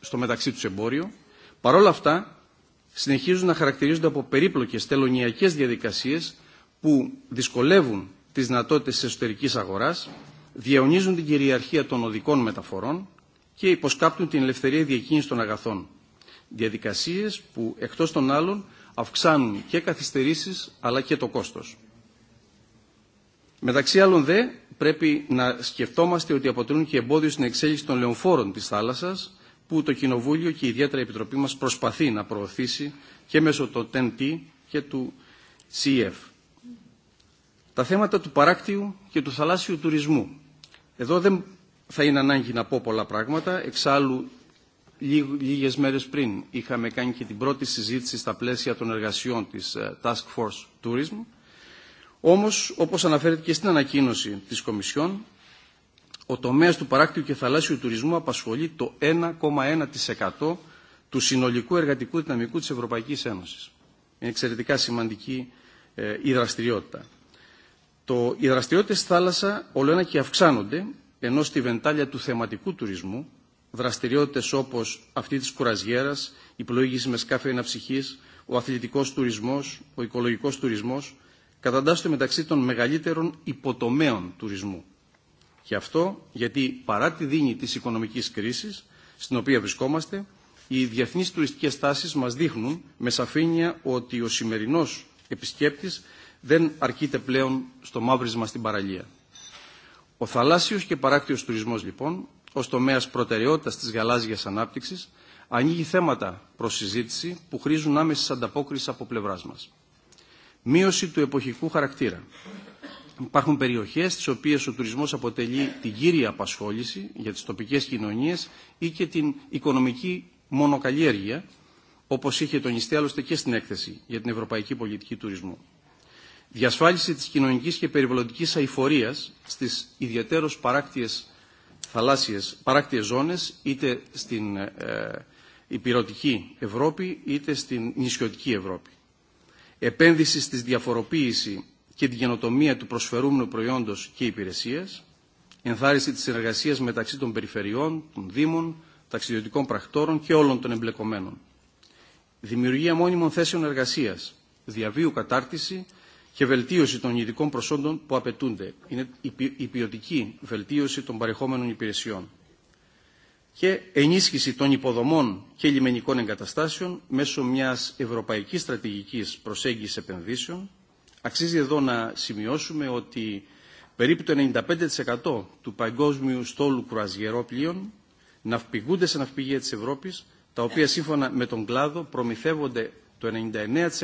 στο μεταξύ τους εμπόριο. Παρ' όλα αυτά, συνεχίζουν να χαρακτηρίζονται από περίπλοκες τελωνιακές διαδικασίες που δυσκολεύουν τις δυνατότητες της εσωτερικής αγοράς, διαονίζουν την κυριαρχία των οδικών μεταφορών και υποσκάπτουν την ελευθερία διακίνηση των αγαθών. Διαδικασίες που, εκτός των άλλων, αυξάνουν και καθυστερήσεις αλλά και το κόστος. Μεταξύ άλλων δε πρέπει να σκεφτόμαστε ότι αποτελούν και εμπόδιο στην εξέλιξη των λεωφόρων της θάλασσας που το Κοινοβούλιο και ιδιαίτερα η Επιτροπή μας προσπαθεί να προωθήσει και μέσω του TEN-T και του CEF. Τα θέματα του παράκτιου και του θαλάσσιου τουρισμού. Εδώ δεν θα είναι ανάγκη να πω πολλά πράγματα, εξάλλου λίγες μέρες πριν είχαμε κάνει και την πρώτη συζήτηση στα πλαίσια των εργασιών της ε, Task Force Tourism. Όμως, όπως αναφέρεται και στην ανακοίνωση της Κομισιόν, ο τομέας του παράκτηου και θαλάσσιου τουρισμού απασχολεί το 1,1% του συνολικού εργατικού δυναμικού της Ευρωπαϊκής Ένωσης. Είναι εξαιρετικά σημαντική ε, η δραστηριότητα. Το, οι δραστηριότητες στη θάλασσα όλο ένα και αυξάνονται, ενώ στη βεντάλια του θεματικού τουρισμού δραστηριότητες όπως αυτή της κουραζιέρας, η πλοήγηση με σκάφη αναψυχή, ο αθλητικός τουρισμός, ο οικολογικός τουρισμός, καταντάσσονται μεταξύ των μεγαλύτερων υποτομέων τουρισμού. Και αυτό γιατί παρά τη δίνη της οικονομικής κρίσης στην οποία βρισκόμαστε, οι διεθνείς τουριστικές τάσεις μας δείχνουν με σαφήνεια ότι ο σημερινός επισκέπτης δεν αρκείται πλέον στο μαύρισμα στην παραλία. Ο θαλάσσιος και παράκτιος τουρισμός λοιπόν ως τομέας προτεραιότητας της γαλάζιας ανάπτυξη, ανοίγει θέματα προ συζήτηση που χρήζουν άμεση ανταπόκριση από πλευράς μας. Μείωση του εποχικού χαρακτήρα. Υπάρχουν περιοχές στις οποίες ο τουρισμός αποτελεί την κύρια απασχόληση για τις τοπικές κοινωνίες ή και την οικονομική μονοκαλλιέργεια, όπως είχε τονιστεί άλλωστε και στην έκθεση για την Ευρωπαϊκή Πολιτική Τουρισμού. Διασφάλιση της κοινωνικής και περιβαλλοντικής αηφορίας στις ιδιαίτερως παράκτιες θαλάσσιες παράκτιες ζώνες είτε στην ε, υπηρετική Ευρώπη είτε στην νησιωτική Ευρώπη. Επένδυση στις διαφοροποίηση και τη γενοτομία του προσφερούμενου προϊόντος και υπηρεσίας, ενθάρρυνση της συνεργασίας μεταξύ των περιφερειών, των δήμων, ταξιδιωτικών πρακτόρων και όλων των εμπλεκομένων. Δημιουργία μόνιμων θέσεων εργασίας, διαβίου κατάρτιση και βελτίωση των ειδικών προσόντων που απαιτούνται. Είναι η ποιοτική βελτίωση των παρεχόμενων υπηρεσιών και ενίσχυση των υποδομών και λιμενικών εγκαταστάσεων μέσω μιας ευρωπαϊκής στρατηγικής προσέγγισης επενδύσεων. Αξίζει εδώ να σημειώσουμε ότι περίπου το 95% του παγκόσμιου στόλου κρουαζιερόπλοιων ναυπηγούνται σε ναυπηγεία της Ευρώπης, τα οποία σύμφωνα με τον κλάδο προμηθεύονται το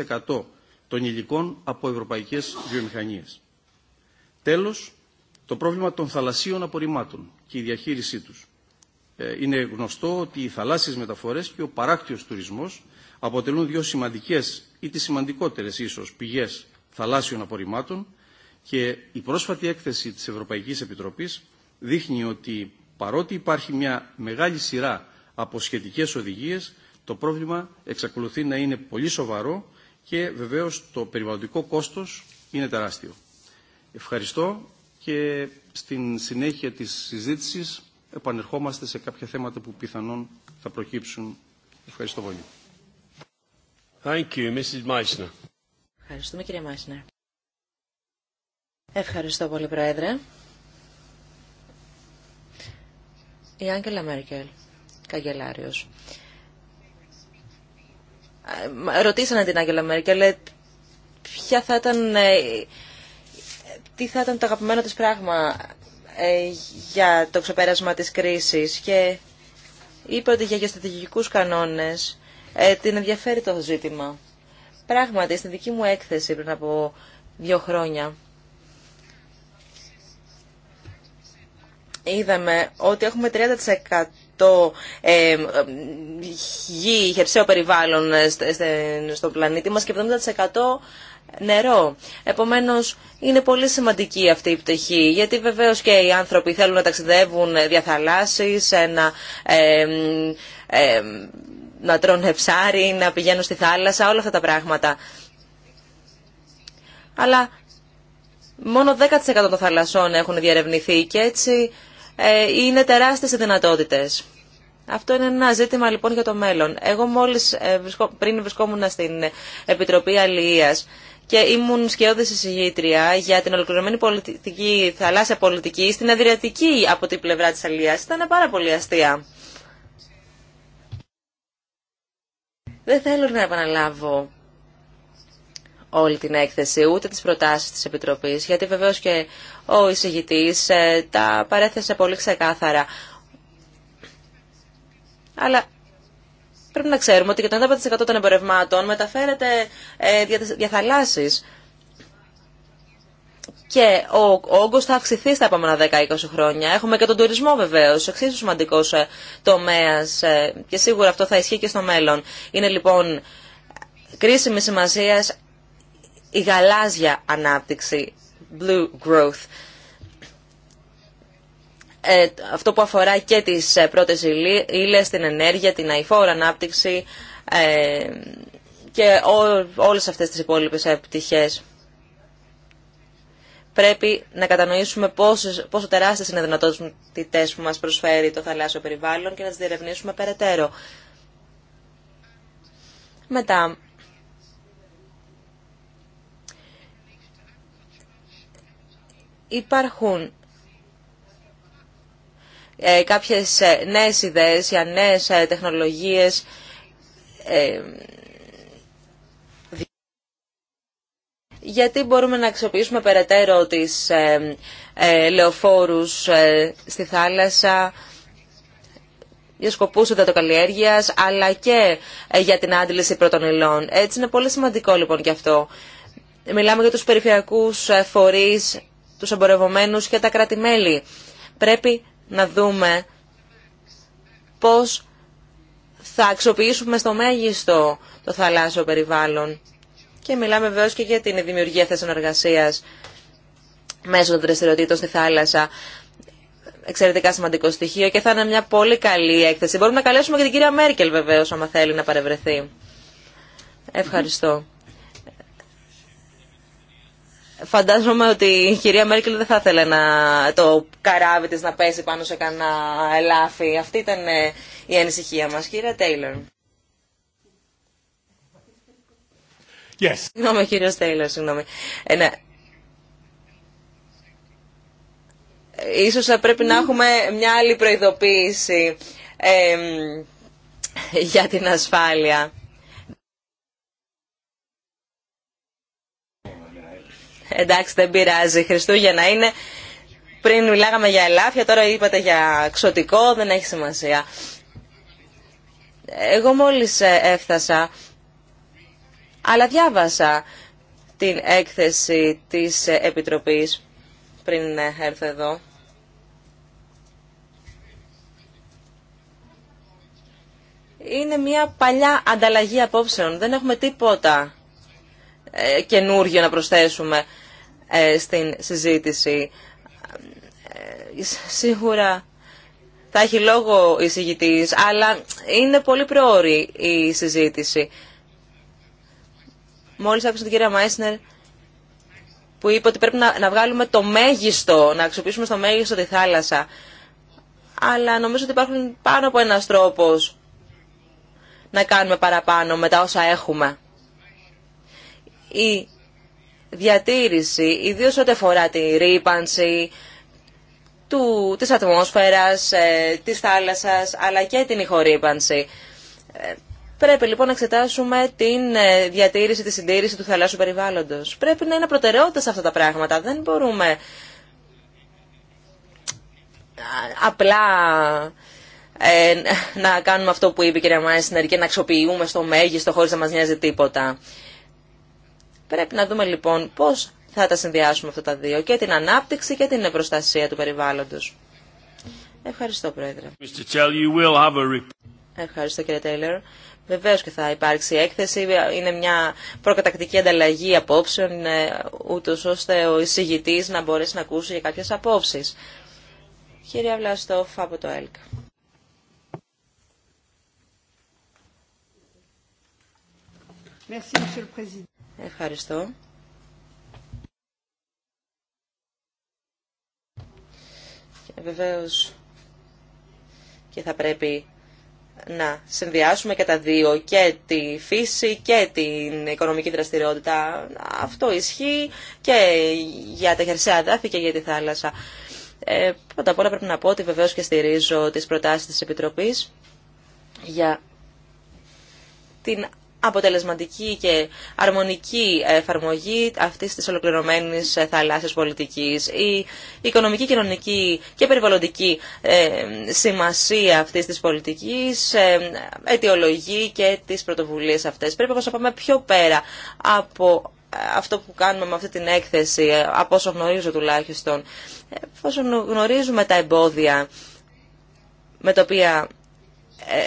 99% των υλικών από ευρωπαϊκές βιομηχανίες. Τέλος, το πρόβλημα των θαλασσίων απορριμμάτων και η διαχείρισή τους. Ε, είναι γνωστό ότι οι θαλάσσιες μεταφορές και ο παράκτιος τουρισμός αποτελούν δύο σημαντικές ή τις σημαντικότερες ίσως πηγές θαλάσσιων απορριμμάτων και η πρόσφατη έκθεση της Ευρωπαϊκής Επιτροπής δείχνει ότι παρότι υπάρχει μια μεγάλη σειρά από σχετικές οδηγίες, το πρόβλημα εξακολουθεί να είναι πολύ σοβαρό και βεβαίως το περιβαλλοντικό κόστος είναι τεράστιο. Ευχαριστώ και στην συνέχεια της συζήτησης επανερχόμαστε σε κάποια θέματα που πιθανόν θα προκύψουν. Ευχαριστώ πολύ. Thank you, Mrs. Ευχαριστούμε κύριε Μάισνερ. Ευχαριστώ πολύ Πρόεδρε. Η Άγγελα Μέρκελ, καγκελάριος, ρωτήσανε την Άγγελα Μέρκελ ποια θα ήταν, ε, τι θα ήταν το αγαπημένο της πράγμα ε, για το ξεπέρασμα της κρίσης και είπε ότι για γεωστρατηγικούς κανόνες ε, την ενδιαφέρει το ζήτημα. Πράγματι, στην δική μου έκθεση πριν από δύο χρόνια είδαμε ότι έχουμε 30% το ε, γη, χερσαίο περιβάλλον ε, στον πλανήτη μας και 70% νερό. Επομένως, είναι πολύ σημαντική αυτή η πτυχή, γιατί βεβαίως και οι άνθρωποι θέλουν να ταξιδεύουν δια ε, να, ε, ε, να τρώνε ψάρι, να πηγαίνουν στη θάλασσα, όλα αυτά τα πράγματα. Αλλά μόνο 10% των θαλασσών έχουν διαρευνηθεί και έτσι ε, είναι τεράστιες οι δυνατότητες. Αυτό είναι ένα ζήτημα λοιπόν για το μέλλον. Εγώ μόλις ε, πριν βρισκόμουν στην Επιτροπή Αλληλείας και ήμουν σκιώδη εισηγήτρια για την ολοκληρωμένη πολιτική, θαλάσσια πολιτική στην Αδριατική από την πλευρά της Αλίας. Ήταν πάρα πολύ αστεία. Δεν θέλω να επαναλάβω όλη την έκθεση, ούτε τις προτάσεις της Επιτροπής, γιατί βεβαίως και ο εισηγητής ε, τα παρέθεσε πολύ ξεκάθαρα. Αλλά πρέπει να ξέρουμε ότι και το 90% των εμπορευμάτων μεταφέρεται ε, δια θαλάσσης. Και ο όγκο θα αυξηθεί στα επόμενα 10-20 χρόνια. Έχουμε και τον τουρισμό βεβαίω, εξίσου σημαντικό ε, τομέα και σίγουρα αυτό θα ισχύει και στο μέλλον. Είναι λοιπόν κρίσιμη σημασία η γαλάζια ανάπτυξη, blue growth. Ε, αυτό που αφορά και τις ε, πρώτες ύλες, την ενέργεια, την αηφόρα ανάπτυξη ε, και ό, όλες αυτές τις υπόλοιπες επιτυχίες. Πρέπει να κατανοήσουμε πόσο, πόσο τεράστιες είναι δυνατότητες που μας προσφέρει το θαλάσσιο περιβάλλον και να τις διερευνήσουμε περαιτέρω. Μετά, υπάρχουν ε, κάποιες ε, νέες ιδέες για νέες ε, τεχνολογίες γιατί μπορούμε να αξιοποιήσουμε περαιτέρω τις λεωφόρους στη θάλασσα για σκοπούς υδατοκαλλιέργειας αλλά και για την άντληση πρώτων υλών. Έτσι είναι πολύ σημαντικό λοιπόν και αυτό. Μιλάμε για τους περιφερειακούς φορείς τους εμπορευομένους και τα κρατη Πρέπει να δούμε πώς θα αξιοποιήσουμε στο μέγιστο το θαλάσσιο περιβάλλον. Και μιλάμε βεβαίω και για την δημιουργία θέσεων εργασία μέσω των δραστηριοτήτων στη θάλασσα. Εξαιρετικά σημαντικό στοιχείο και θα είναι μια πολύ καλή έκθεση. Μπορούμε να καλέσουμε και την κυρία Μέρκελ βεβαίω, άμα θέλει να παρευρεθεί. Ευχαριστώ. Φαντάζομαι ότι η κυρία Μέρκελ δεν θα ήθελε να το καράβι της να πέσει πάνω σε κανένα ελάφι. Αυτή ήταν ε, η ανησυχία μας. Κύριε Τέιλορ. Yes. Συγγνώμη, κύριος Τέιλορ, συγγνώμη. Ε, ναι. Ίσως θα πρέπει να έχουμε μια άλλη προειδοποίηση για την ασφάλεια. Εντάξει, δεν πειράζει. Χριστούγεννα είναι. Πριν μιλάγαμε για ελάφια, τώρα είπατε για ξωτικό, δεν έχει σημασία. Εγώ μόλις ε, έφτασα, αλλά διάβασα την έκθεση της ε, Επιτροπής πριν ε, έρθω εδώ. Είναι μια παλιά ανταλλαγή απόψεων. Δεν έχουμε τίποτα ε, καινούργιο να προσθέσουμε ε, στην συζήτηση. Ε, σίγουρα θα έχει λόγο η συγητής, αλλά είναι πολύ προώρη η συζήτηση. Μόλις άκουσα την κυρία Μάισνερ που είπε ότι πρέπει να, βγάλουμε το μέγιστο, να αξιοποιήσουμε στο μέγιστο τη θάλασσα. Αλλά νομίζω ότι υπάρχουν πάνω από ένας τρόπος να κάνουμε παραπάνω μετά όσα έχουμε η διατήρηση, ιδίως ό,τι αφορά τη ρήπανση του, της ατμόσφαιρας, ε, της θάλασσας, αλλά και την ηχορύπανση. Ε, πρέπει λοιπόν να εξετάσουμε την ε, διατήρηση, τη συντήρηση του θαλάσσου περιβάλλοντος. Πρέπει να είναι προτεραιότητα σε αυτά τα πράγματα. Δεν μπορούμε απλά να κάνουμε αυτό που είπε η κυρία Μάισνερ και να αξιοποιούμε στο μέγιστο χωρίς να μας νοιάζει τίποτα. Πρέπει να δούμε λοιπόν πώς θα τα συνδυάσουμε αυτά τα δύο, και την ανάπτυξη και την προστασία του περιβάλλοντος. Ευχαριστώ, Πρόεδρε. Ευχαριστώ, κύριε Τέιλερ. Βεβαίω και θα υπάρξει έκθεση. Είναι μια προκατακτική ανταλλαγή απόψεων, ε, ούτω ώστε ο εισηγητή να μπορέσει να ακούσει για κάποιε απόψει. Κύριε Βλαστόφ από το ΕΛΚ. Ευχαριστώ. Και βεβαίως και θα πρέπει να συνδυάσουμε και τα δύο και τη φύση και την οικονομική δραστηριότητα. Αυτό ισχύει και για τα χερσαία δάφη και για τη θάλασσα. Ε, πρώτα απ' όλα πρέπει να πω ότι βεβαίως και στηρίζω τις προτάσεις της Επιτροπής για την αποτελεσματική και αρμονική εφαρμογή αυτή τη ολοκληρωμένη ε, θαλάσσιας πολιτικής. Η οικονομική, κοινωνική και περιβαλλοντική ε, σημασία αυτής της πολιτικής ε, αιτιολογεί και τι πρωτοβουλίε αυτές. Πρέπει όμω να πάμε πιο πέρα από αυτό που κάνουμε με αυτή την έκθεση, από όσο γνωρίζω τουλάχιστον. Εφόσον γνωρίζουμε τα εμπόδια με τα οποία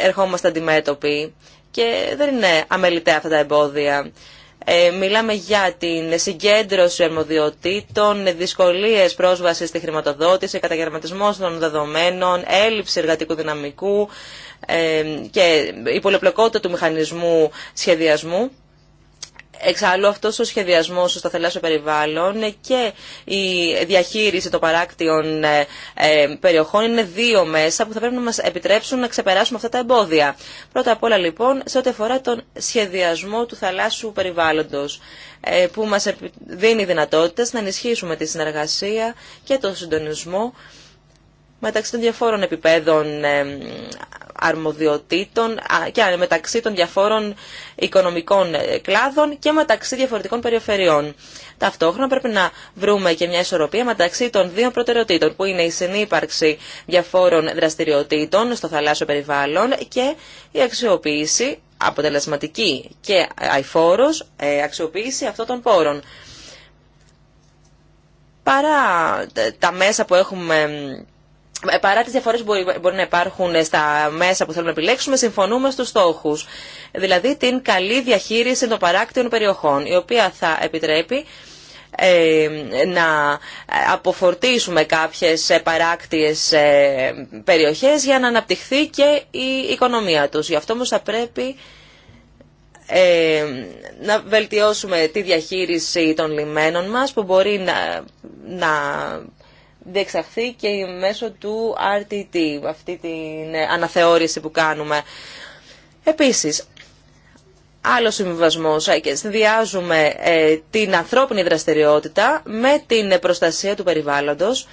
ερχόμαστε αντιμέτωποι, και δεν είναι αμεληταία αυτά τα εμπόδια. Ε, μιλάμε για την συγκέντρωση ερμοδιοτήτων, δυσκολίες πρόσβασης στη χρηματοδότηση, καταγερματισμό των δεδομένων, έλλειψη εργατικού δυναμικού ε, και η πολυπλοκότητα του μηχανισμού σχεδιασμού. Εξάλλου αυτό ο σχεδιασμό στο θαλάσσιο περιβάλλον και η διαχείριση των παράκτιων ε, ε, περιοχών είναι δύο μέσα που θα πρέπει να μας επιτρέψουν να ξεπεράσουμε αυτά τα εμπόδια. Πρώτα απ' όλα λοιπόν σε ό,τι αφορά τον σχεδιασμό του θαλάσσιου περιβάλλοντος ε, που μας δίνει δυνατότητε να ενισχύσουμε τη συνεργασία και τον συντονισμό μεταξύ των διαφόρων επιπέδων αρμοδιοτήτων και μεταξύ των διαφόρων οικονομικών ε, κλάδων και μεταξύ διαφορετικών περιφερειών. Ταυτόχρονα πρέπει να βρούμε και μια ισορροπία μεταξύ των δύο προτεραιοτήτων που είναι η συνύπαρξη διαφόρων δραστηριοτήτων στο θαλάσσιο περιβάλλον και η αξιοποίηση αποτελεσματική και αηφόρος ε, αξιοποίηση αυτών των πόρων. Παρά ε, τα μέσα που έχουμε ε, παρά τις διαφορές που μπορεί να υπάρχουν στα μέσα που θέλουμε να επιλέξουμε, συμφωνούμε στους στόχους. Δηλαδή την καλή διαχείριση των παράκτειων περιοχών, η οποία θα επιτρέπει ε, να αποφορτίσουμε κάποιες παράκτιες ε, περιοχές για να αναπτυχθεί και η οικονομία τους. Γι' αυτό όμως θα πρέπει να βελτιώσουμε τη διαχείριση των λιμένων μας που μπορεί να, να διεξαχθεί και μέσω του RTT, αυτή την ε, αναθεώρηση που κάνουμε. Επίσης, άλλο συμβιβασμό. Ε, συνδυάζουμε ε, την ανθρώπινη δραστηριότητα με την προστασία του περιβάλλοντος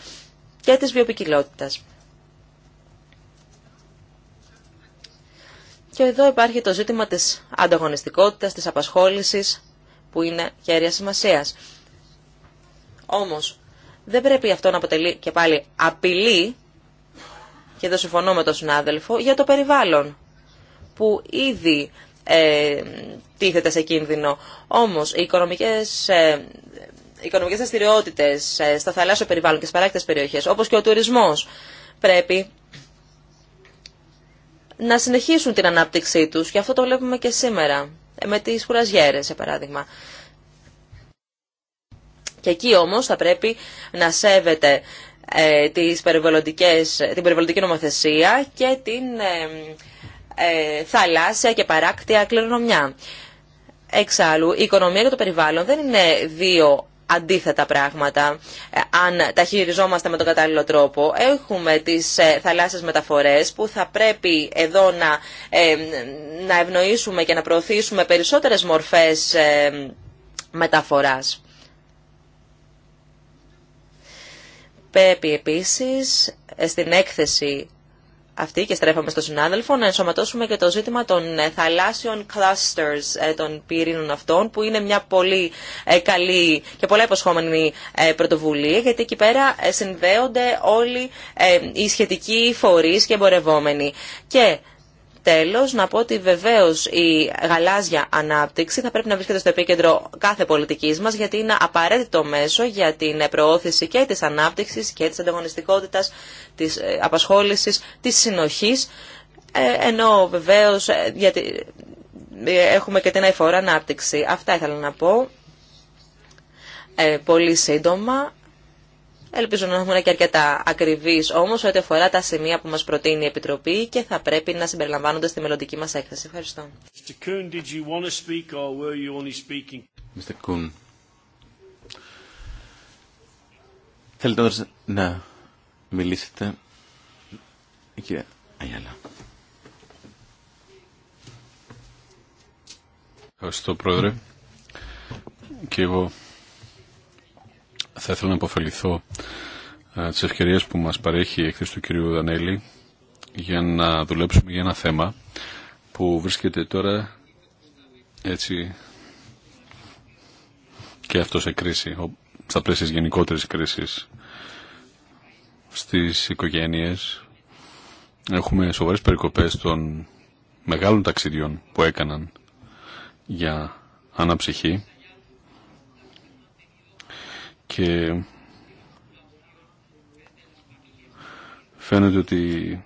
και της βιοποικιλότητας. Και εδώ υπάρχει το ζήτημα της ανταγωνιστικότητας, της απασχόλησης, που είναι χέρια σημασίας. Όμως, δεν πρέπει αυτό να αποτελεί και πάλι απειλή, και εδώ συμφωνώ με τον συνάδελφο, για το περιβάλλον, που ήδη ε, τίθεται σε κίνδυνο. Όμως, οι οικονομικές... Ε, οικονομικές δραστηριότητε ε, στα περιβάλλον και στις παράκτητες περιοχές όπως και ο τουρισμός πρέπει να συνεχίσουν την ανάπτυξή τους και αυτό το βλέπουμε και σήμερα ε, με τις κουραζιέρες, για παράδειγμα. Και εκεί όμως θα πρέπει να σέβεται ε, τις την περιβαλλοντική νομοθεσία και την ε, ε, θαλάσσια και παράκτια κληρονομιά. Εξάλλου, η οικονομία και το περιβάλλον δεν είναι δύο αντίθετα πράγματα, ε, αν τα χειριζόμαστε με τον κατάλληλο τρόπο. Έχουμε τις θαλάσσιες μεταφορές που θα πρέπει εδώ να, να ευνοήσουμε και να προωθήσουμε περισσότερες μορφές μεταφοράς. Πρέπει επίσης ε, στην έκθεση αυτή και στρέφαμε στο συνάδελφο να ενσωματώσουμε και το ζήτημα των ε, θαλάσσιων clusters ε, των πυρήνων αυτών που είναι μια πολύ καλή και πολύ υποσχόμενη πρωτοβουλία γιατί εκεί πέρα συνδέονται όλοι οι σχετικοί φορείς και εμπορευόμενοι. Και Τέλος, να πω ότι βεβαίως η γαλάζια ανάπτυξη θα πρέπει να βρίσκεται στο επίκεντρο κάθε πολιτικής μας, γιατί είναι απαραίτητο μέσο για την προώθηση και της ανάπτυξης και της ανταγωνιστικότητας, της ε, απασχόλησης, της συνοχής, ε, ενώ βεβαίως ε, γιατί έχουμε και την αϊφόρα ανάπτυξη. Αυτά ήθελα να πω πολύ σύντομα. Ελπίζω να έχουμε και αρκετά ακριβή όμω ό,τι αφορά τα σημεία που μα προτείνει η Επιτροπή και θα πρέπει να συμπεριλαμβάνονται στη μελλοντική μα έκθεση. Ευχαριστώ. Mr. Kuhn. Θέλετε όμως να ναι. μιλήσετε, η κυρία Αγιάλα. Ευχαριστώ, Πρόεδρε. Και εγώ θα ήθελα να αποφεληθώ ε, τις ευκαιρίες που μας παρέχει η έκθεση του κυρίου Δανέλη για να δουλέψουμε για ένα θέμα που βρίσκεται τώρα έτσι και αυτό σε κρίση, στα πλαίσια της γενικότερης κρίσης στις οικογένειες. Έχουμε σοβαρές περικοπές των μεγάλων ταξιδιών που έκαναν για αναψυχή και φαίνεται ότι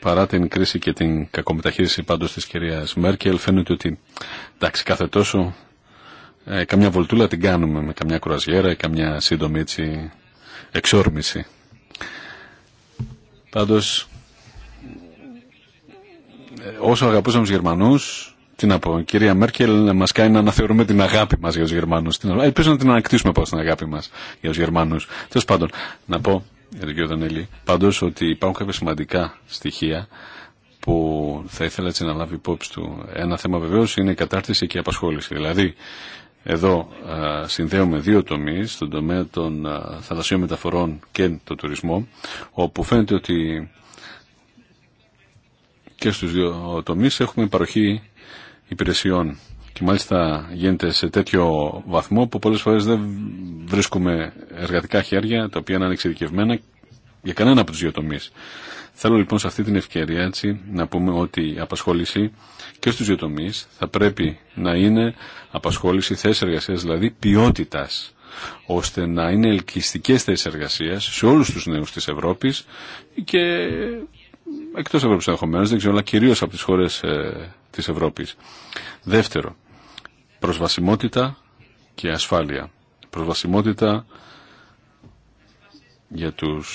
παρά την κρίση και την κακομεταχείριση πάντως της κυρίας Μέρκελ φαίνεται ότι εντάξει κάθε τόσο ε, καμιά βολτούλα την κάνουμε με καμιά κουραζιέρα ή καμιά σύντομη έτσι εξόρμηση. Πάντως ε, όσο αγαπούσαμε τους Γερμανούς τι να πω, η κυρία Μέρκελ μα κάνει να αναθεωρούμε την αγάπη μα για του Γερμανου. Ελπίζω να την ανακτήσουμε πάνω την αγάπη μα για του Γερμανου. Τέλο πάντων, να πω για τον κύριο Δανέλη, πάντως ότι υπάρχουν κάποια σημαντικά στοιχεία που θα ήθελα έτσι να λάβει υπόψη του. Ένα θέμα βεβαίω είναι η κατάρτιση και η απασχόληση. Δηλαδή, εδώ α, συνδέουμε δύο τομεί στον τομέα των α, θαλασσίων μεταφορών και το τουρισμό, όπου φαίνεται ότι και στους δύο τομείς έχουμε παροχή υπηρεσιών. Και μάλιστα γίνεται σε τέτοιο βαθμό που πολλές φορές δεν βρίσκουμε εργατικά χέρια τα οποία είναι εξειδικευμένα για κανένα από τους δύο τομείς. Θέλω λοιπόν σε αυτή την ευκαιρία έτσι, να πούμε ότι η απασχόληση και στους δύο τομείς θα πρέπει να είναι απασχόληση θέση εργασίας, δηλαδή ποιότητας ώστε να είναι ελκυστικές θέσεις εργασίας σε όλους τους νέους της Ευρώπης και εκτός Ευρώπης ενδεχομένω, δεν ξέρω, αλλά κυρίως από τις χώρες ε, της Ευρώπης. Δεύτερο, προσβασιμότητα και ασφάλεια. Προσβασιμότητα για τους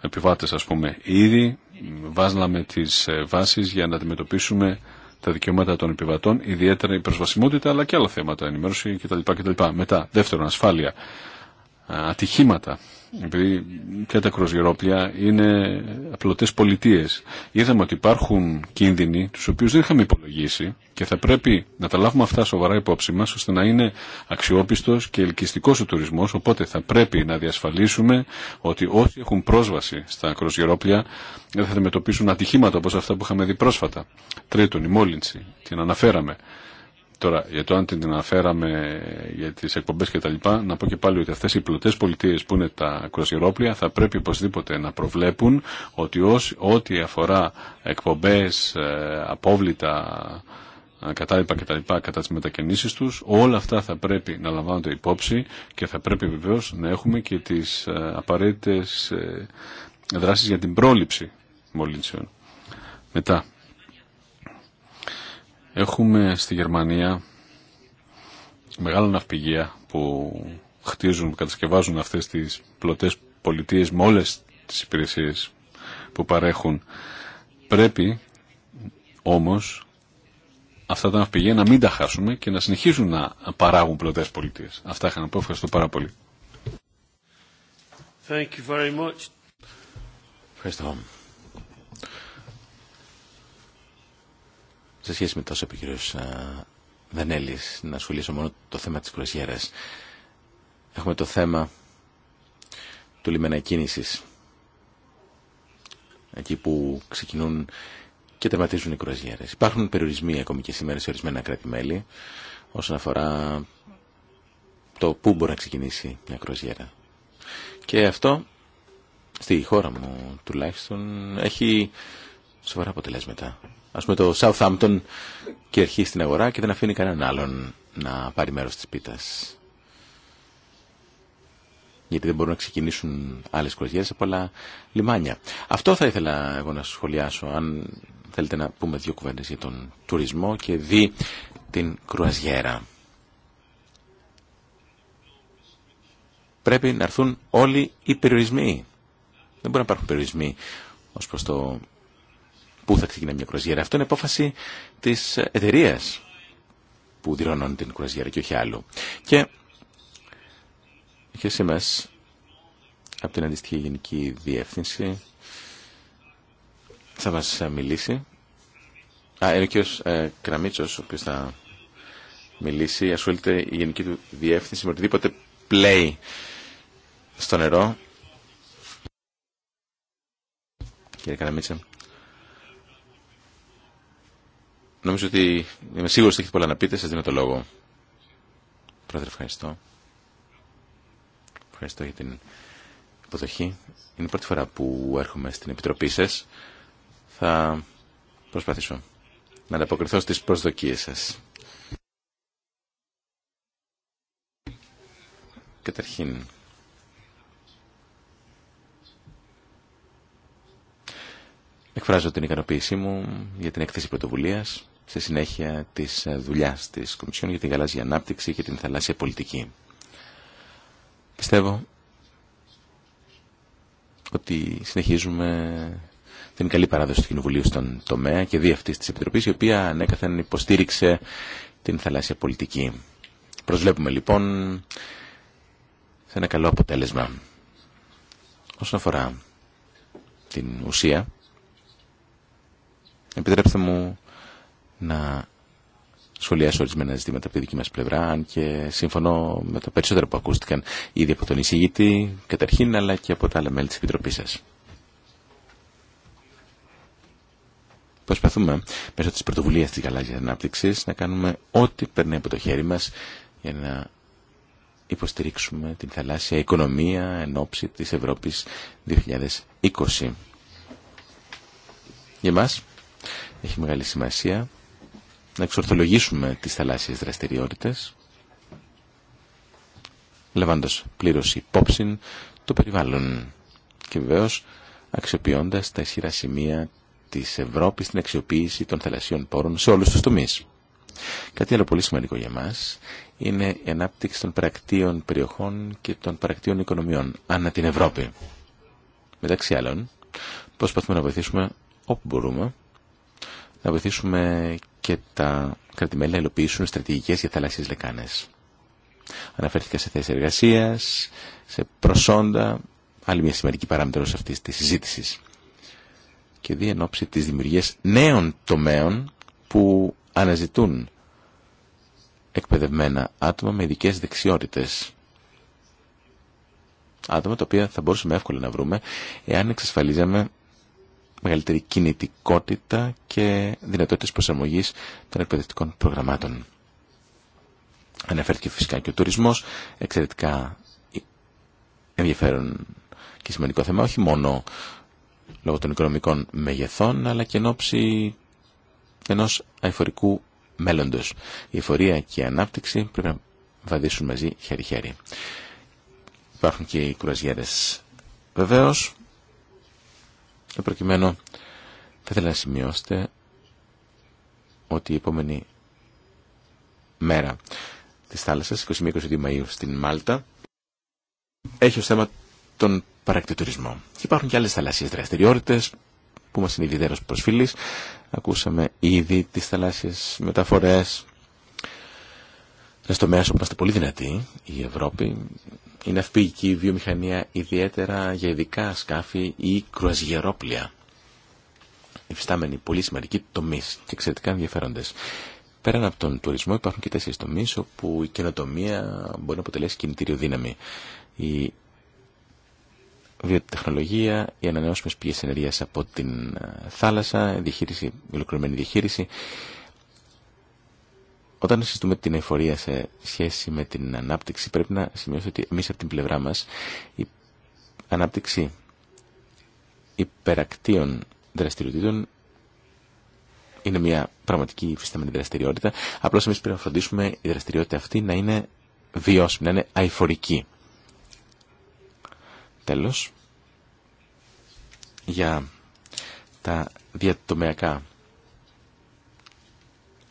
επιβάτες ας πούμε. Ήδη βάζλαμε τις ε, βάσεις για να αντιμετωπίσουμε τα δικαιώματα των επιβατών, ιδιαίτερα η προσβασιμότητα αλλά και άλλα θέματα, ενημέρωση κτλ. κτλ. Μετά, δεύτερον, ασφάλεια, ατυχήματα επειδή και τα κροσγερόπλια είναι απλωτές πολιτείες. Είδαμε ότι υπάρχουν κίνδυνοι τους οποίους δεν είχαμε υπολογίσει και θα πρέπει να τα λάβουμε αυτά σοβαρά υπόψη μας ώστε να είναι αξιόπιστος και ελκυστικός ο τουρισμός οπότε θα πρέπει να διασφαλίσουμε ότι όσοι έχουν πρόσβαση στα κροσγερόπλια δεν θα αντιμετωπίσουν ατυχήματα όπως αυτά που είχαμε δει πρόσφατα. Τρίτον, η μόλυνση, την αναφέραμε. Τώρα, για το αν την αναφέραμε για τι εκπομπέ λοιπά, να πω και πάλι ότι αυτέ οι πλωτέ πολιτείε που είναι τα κροσιρόπλια θα πρέπει οπωσδήποτε να προβλέπουν ότι ό,τι αφορά εκπομπέ, ε, απόβλητα, ε, κατάλοιπα κτλ. κατά τι μετακινήσει του, όλα αυτά θα πρέπει να λαμβάνονται υπόψη και θα πρέπει βεβαίω να έχουμε και τι ε, απαραίτητε δράσει για την πρόληψη μολύνσεων. Μετά, Έχουμε στη Γερμανία μεγάλα ναυπηγεία που χτίζουν, κατασκευάζουν αυτές τις πλωτές πολιτείες με όλες τις υπηρεσίες που παρέχουν. Πρέπει όμως αυτά τα ναυπηγεία να μην τα χάσουμε και να συνεχίσουν να παράγουν πλωτές πολιτείες. Αυτά είχα να πω. Ευχαριστώ πάρα πολύ. σε σχέση με τόσο είπε ο να ασχολήσω μόνο το θέμα της κρουσιέρας. Έχουμε το θέμα του λιμένα κίνησης. Εκεί που ξεκινούν και τερματίζουν οι κρουαζιέρες. Υπάρχουν περιορισμοί ακόμη και σήμερα σε ορισμένα κράτη-μέλη όσον αφορά το πού μπορεί να ξεκινήσει μια κρουαζιέρα. Και αυτό, στη χώρα μου τουλάχιστον, έχει σοβαρά αποτελέσματα ας πούμε το Southampton αρχίζει στην αγορά και δεν αφήνει κανέναν άλλον να πάρει μέρος της πίτας. Γιατί δεν μπορούν να ξεκινήσουν άλλες κρουαζιέρες από άλλα λιμάνια. Αυτό θα ήθελα εγώ να σχολιάσω, αν θέλετε να πούμε δύο κουβέντες για τον τουρισμό και δει την κρουαζιέρα. Πρέπει να έρθουν όλοι οι περιορισμοί. Δεν μπορεί να υπάρχουν περιορισμοί ως προς το πού θα ξεκινάει μια κρουαζιέρα. Αυτό είναι απόφαση τη εταιρεία που δηλώνουν την κρουαζιέρα και όχι άλλου. Και και σε από την αντίστοιχη γενική διεύθυνση, θα μας μιλήσει. Α, είναι ο κύριος ε, Κραμίτσος, ο οποίος θα μιλήσει. Ασχολείται η γενική του διεύθυνση με οτιδήποτε πλέει στο νερό. Κύριε Καραμίτσα, Νομίζω ότι είμαι σίγουρος ότι έχετε πολλά να πείτε. Σας δίνω το λόγο. Πρόεδρε, ευχαριστώ. Ευχαριστώ για την υποδοχή. Είναι η πρώτη φορά που έρχομαι στην Επιτροπή σας. Θα προσπαθήσω να ανταποκριθώ στις προσδοκίες σας. Καταρχήν, εκφράζω την ικανοποίησή μου για την έκθεση πρωτοβουλίας στη συνέχεια της ε, δουλειάς της Κομισιόν για την Γαλάζια Ανάπτυξη και την Θαλάσσια Πολιτική. Πιστεύω ότι συνεχίζουμε την καλή παράδοση του Κοινοβουλίου στον τομέα και δι' αυτής της Επιτροπής, η οποία ανέκαθεν υποστήριξε την θαλάσσια πολιτική. Προσβλέπουμε λοιπόν σε ένα καλό αποτέλεσμα. Όσον αφορά την ουσία, επιτρέψτε μου να σχολιάσω ορισμένα ζητήματα από τη δική μας πλευρά, αν και συμφωνώ με τα περισσότερα που ακούστηκαν ήδη από τον εισηγητή, καταρχήν, αλλά και από τα άλλα μέλη της Επιτροπής σας. Προσπαθούμε μέσω της πρωτοβουλίας της γαλάζιας ανάπτυξης να κάνουμε ό,τι περνάει από το χέρι μας για να υποστηρίξουμε την θαλάσσια οικονομία εν ώψη της Ευρώπης 2020. Για μας έχει μεγάλη σημασία να εξορθολογήσουμε τις θαλάσσιες δραστηριότητες, λαμβάνοντας πλήρωση υπόψη το περιβάλλον και βεβαίω αξιοποιώντας τα ισχυρά σημεία της Ευρώπης στην αξιοποίηση των θαλασσιών πόρων σε όλους τους τομείς. Κάτι άλλο πολύ σημαντικό για μας είναι η ανάπτυξη των παρακτήων περιοχών και των παρακτήων οικονομιών ανά την Ευρώπη. Μεταξύ άλλων, προσπαθούμε να βοηθήσουμε όπου μπορούμε, να βοηθήσουμε και τα κρατημένα να υλοποιήσουν στρατηγικές για θαλάσσιες λεκάνες. Αναφέρθηκα σε θέσει εργασία, σε προσόντα, άλλη μια σημαντική παράμετρος αυτή τη συζήτηση. Και δι' εν ώψη νέων τομέων που αναζητούν εκπαιδευμένα άτομα με ειδικέ δεξιότητες. Άτομα τα οποία θα μπορούσαμε εύκολα να βρούμε εάν εξασφαλίζαμε μεγαλύτερη κινητικότητα και δυνατότητες προσαρμογής των εκπαιδευτικών προγραμμάτων. Αναφέρθηκε φυσικά και ο τουρισμός, εξαιρετικά ενδιαφέρον και σημαντικό θέμα, όχι μόνο λόγω των οικονομικών μεγεθών, αλλά και εν ενός αηφορικού μέλλοντος. Η εφορία και η ανάπτυξη πρέπει να βαδίσουν μαζί χέρι-χέρι. Υπάρχουν και οι κουραζιέρες βεβαίως, Εν προκειμένου, θα ήθελα να σημειώσετε ότι η επόμενη μέρα της θάλασσας, 21-22 Μαΐου στην Μάλτα, έχει ως θέμα τον παρακτητουρισμό. Και υπάρχουν και άλλες θαλασσίες δραστηριότητες που μας είναι ιδιαίτερος προσφύλεις. Ακούσαμε ήδη τις θαλάσσιες μεταφορές. Στο μέσο που είμαστε πολύ δυνατοί, η Ευρώπη, η ναυπηγική βιομηχανία ιδιαίτερα για ειδικά σκάφη ή κρουαζιερόπλια. Υφιστάμενοι πολύ σημαντικοί τομεί και εξαιρετικά ενδιαφέροντε. Πέραν από τον τουρισμό υπάρχουν και τέσσερι τομεί όπου η καινοτομία μπορεί να αποτελέσει κινητήριο δύναμη. Η βιοτεχνολογία, οι ανανεώσιμε πηγέ ενέργεια από την ε, θάλασσα, η διαχείριση, η η διαχείριση, όταν συζητούμε την εφορία σε σχέση με την ανάπτυξη, πρέπει να σημειώσω ότι εμείς από την πλευρά μας η ανάπτυξη υπερακτίων δραστηριοτήτων είναι μια πραγματική υφισταμένη δραστηριότητα. Απλώς εμείς πρέπει να φροντίσουμε η δραστηριότητα αυτή να είναι βιώσιμη, να είναι αηφορική. Τέλος, για τα διατομεακά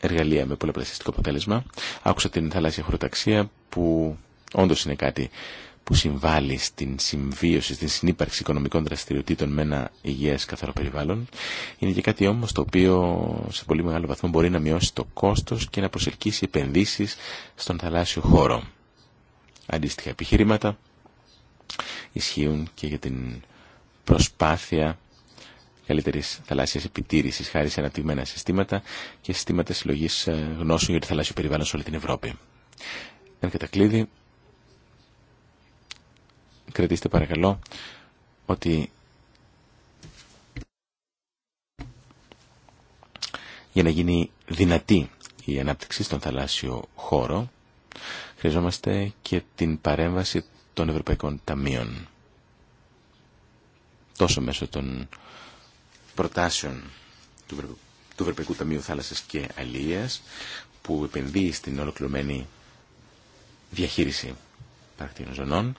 εργαλεία με πολλαπλασιαστικό αποτέλεσμα. Άκουσα την θαλάσσια χωροταξία που όντω είναι κάτι που συμβάλλει στην συμβίωση, στην συνύπαρξη οικονομικών δραστηριοτήτων με ένα υγιέ καθαρό περιβάλλον. Είναι και κάτι όμως το οποίο σε πολύ μεγάλο βαθμό μπορεί να μειώσει το κόστος και να προσελκύσει επενδύσει στον θαλάσσιο χώρο. Αντίστοιχα επιχειρήματα ισχύουν και για την προσπάθεια καλύτερη θαλάσσια επιτήρηση χάρη σε αναπτυγμένα συστήματα και συστήματα συλλογή ε, γνώσεων για το θαλάσσιο περιβάλλον σε όλη την Ευρώπη. Εν κατακλείδη, κρατήστε παρακαλώ ότι για να γίνει δυνατή η ανάπτυξη στον θαλάσσιο χώρο, χρειαζόμαστε και την παρέμβαση των Ευρωπαϊκών Ταμείων. Τόσο μέσω των προτάσεων του Ευρωπαϊκού Ταμείου Θάλασσας και Αλίας που επενδύει στην ολοκληρωμένη διαχείριση παρακτήρων ζωνών,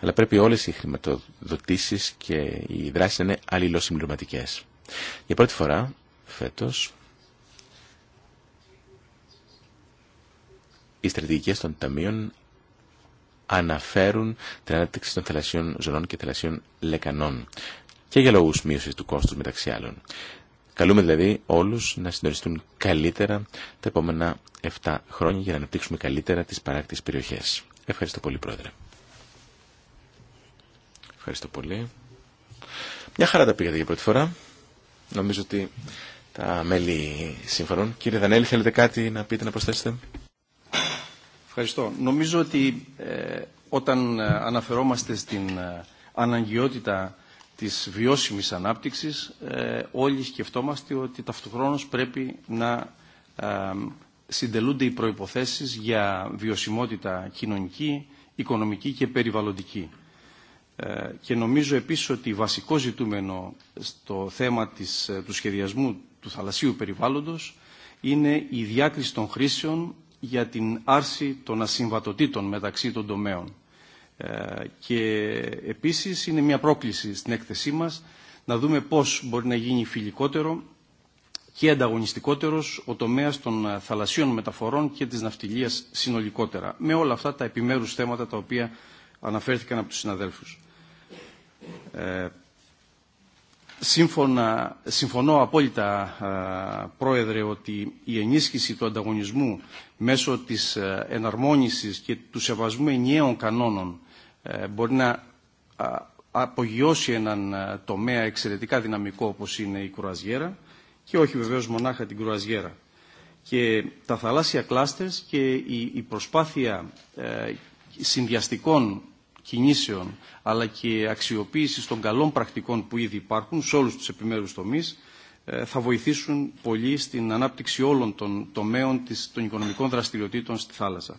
αλλά πρέπει όλες οι χρηματοδοτήσεις και οι δράσεις να είναι αλληλοσυμπληρωματικές. Για πρώτη φορά, φέτος, οι στρατηγικές των ταμείων αναφέρουν την ανάπτυξη των θελασσιών ζωνών και θελασσιών λεκανών και για λόγους μείωσης του κόστους μεταξύ άλλων. Καλούμε δηλαδή όλους να συντονιστούν καλύτερα τα επόμενα 7 χρόνια για να αναπτύξουμε καλύτερα τις παράκτης περιοχές. Ευχαριστώ πολύ Πρόεδρε. Ευχαριστώ πολύ. Μια χαρά τα πήγατε για πρώτη φορά. Νομίζω ότι τα μέλη συμφωνούν. Κύριε Δανέλη, θέλετε κάτι να πείτε, να προσθέσετε. Ευχαριστώ. Νομίζω ότι ε, όταν ε, αναφερόμαστε στην ε, αναγκαιότητα της βιώσιμης ανάπτυξης ε, όλοι σκεφτόμαστε ότι ταυτοχρόνως πρέπει να ε, συντελούνται οι προϋποθέσεις για βιωσιμότητα κοινωνική, οικονομική και περιβαλλοντική. Ε, και νομίζω επίσης ότι βασικό ζητούμενο στο θέμα της, του σχεδιασμού του θαλασσίου περιβάλλοντος είναι η διάκριση των χρήσεων για την άρση των ασυμβατοτήτων μεταξύ των τομέων και επίσης είναι μια πρόκληση στην έκθεσή μας να δούμε πώς μπορεί να γίνει φιλικότερο και ανταγωνιστικότερος ο τομέας των θαλασσίων μεταφορών και της ναυτιλίας συνολικότερα, με όλα αυτά τα επιμέρους θέματα τα οποία αναφέρθηκαν από τους συναδέλφους. Ε, σύμφωνα, συμφωνώ απόλυτα, Πρόεδρε, ότι η ενίσχυση του ανταγωνισμού μέσω της ε, εναρμόνισης και του σεβασμού ενιαίων κανόνων ε, μπορεί να απογειώσει έναν ε, τομέα εξαιρετικά δυναμικό όπως είναι η κρουαζιέρα και όχι βεβαίως μονάχα την κρουαζιέρα. Και τα θαλάσσια κλάστες και η προσπάθεια ε, συνδυαστικών κινήσεων αλλά και αξιοποίησης των καλών πρακτικών που ήδη υπάρχουν σε όλους τους επιμέρους τομείς θα βοηθήσουν πολύ στην ανάπτυξη όλων των τομέων των οικονομικών δραστηριοτήτων στη θάλασσα.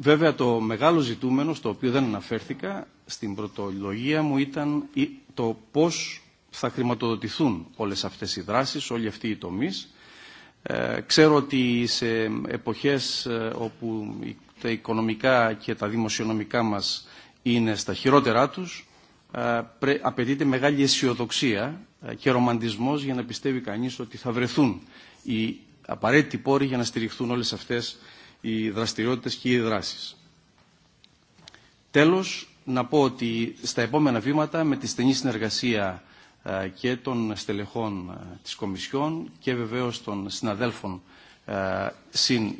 Βέβαια το μεγάλο ζητούμενο, στο οποίο δεν αναφέρθηκα, στην πρωτολογία μου ήταν το πώς θα χρηματοδοτηθούν όλες αυτές οι δράσεις, όλοι αυτοί οι τομείς. Ε, ξέρω ότι σε εποχές ε, όπου τα οικονομικά και τα δημοσιονομικά μας είναι στα χειρότερά τους, ε, απαιτείται μεγάλη αισιοδοξία και ρομαντισμός για να πιστεύει κανείς ότι θα βρεθούν οι απαραίτητοι πόροι για να στηριχθούν όλες αυτές οι δραστηριότητες και οι δράσεις. Τέλος, να πω ότι στα επόμενα βήματα με τη στενή συνεργασία ε, και των στελεχών ε, της Κομισιόν και βεβαίως των συναδέλφων ε, συν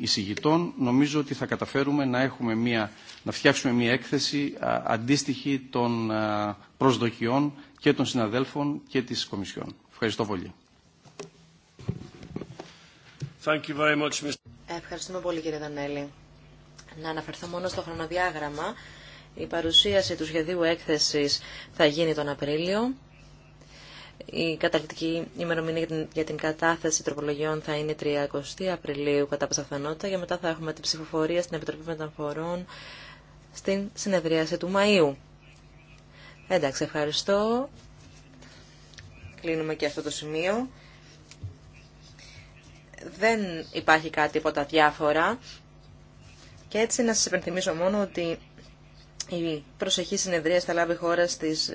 νομίζω ότι θα καταφέρουμε να, έχουμε μια, να φτιάξουμε μια έκθεση αντίστοιχη των προσδοκιών και των συναδέλφων και της Κομισιόν. Ευχαριστώ πολύ. Thank you very much, Ευχαριστούμε πολύ κύριε Δανέλη. Να αναφερθώ μόνο στο χρονοδιάγραμμα. Η παρουσίαση του σχεδίου έκθεσης θα γίνει τον Απρίλιο. Η καταληκτική ημερομηνία για την κατάθεση τροπολογιών θα είναι 30 Απριλίου κατά πιθανότητα και μετά θα έχουμε την ψηφοφορία στην Επιτροπή Μεταφορών στην συνεδρίαση του Μαΐου. Εντάξει, ευχαριστώ. Κλείνουμε και αυτό το σημείο δεν υπάρχει κάτι τα διάφορα και έτσι να σας υπενθυμίσω μόνο ότι η προσεχή συνεδρία θα λάβει χώρα στις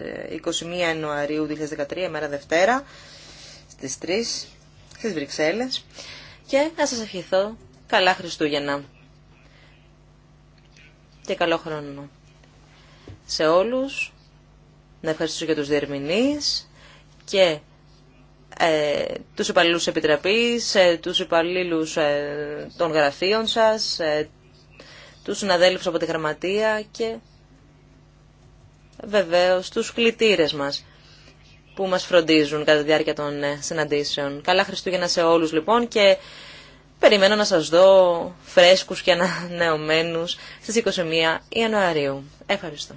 21 ε, Ιανουαρίου 2013, μέρα Δευτέρα, στις 3, στις Βρυξέλλες. Και να σας ευχηθώ καλά Χριστούγεννα και καλό χρόνο σε όλους. Να ευχαριστήσω για τους διερμηνείς και ε, τους υπαλλήλους επιτραπής, ε, τους υπαλλήλους ε, των γραφείων σας, τους συναδέλφους από τη γραμματεία και βεβαίως τους κλητήρες μας που μας φροντίζουν κατά τη διάρκεια των συναντήσεων. Καλά Χριστούγεννα σε όλους λοιπόν και περιμένω να σας δω φρέσκους και ανανεωμένους στις 21 Ιανουαρίου. Ευχαριστώ.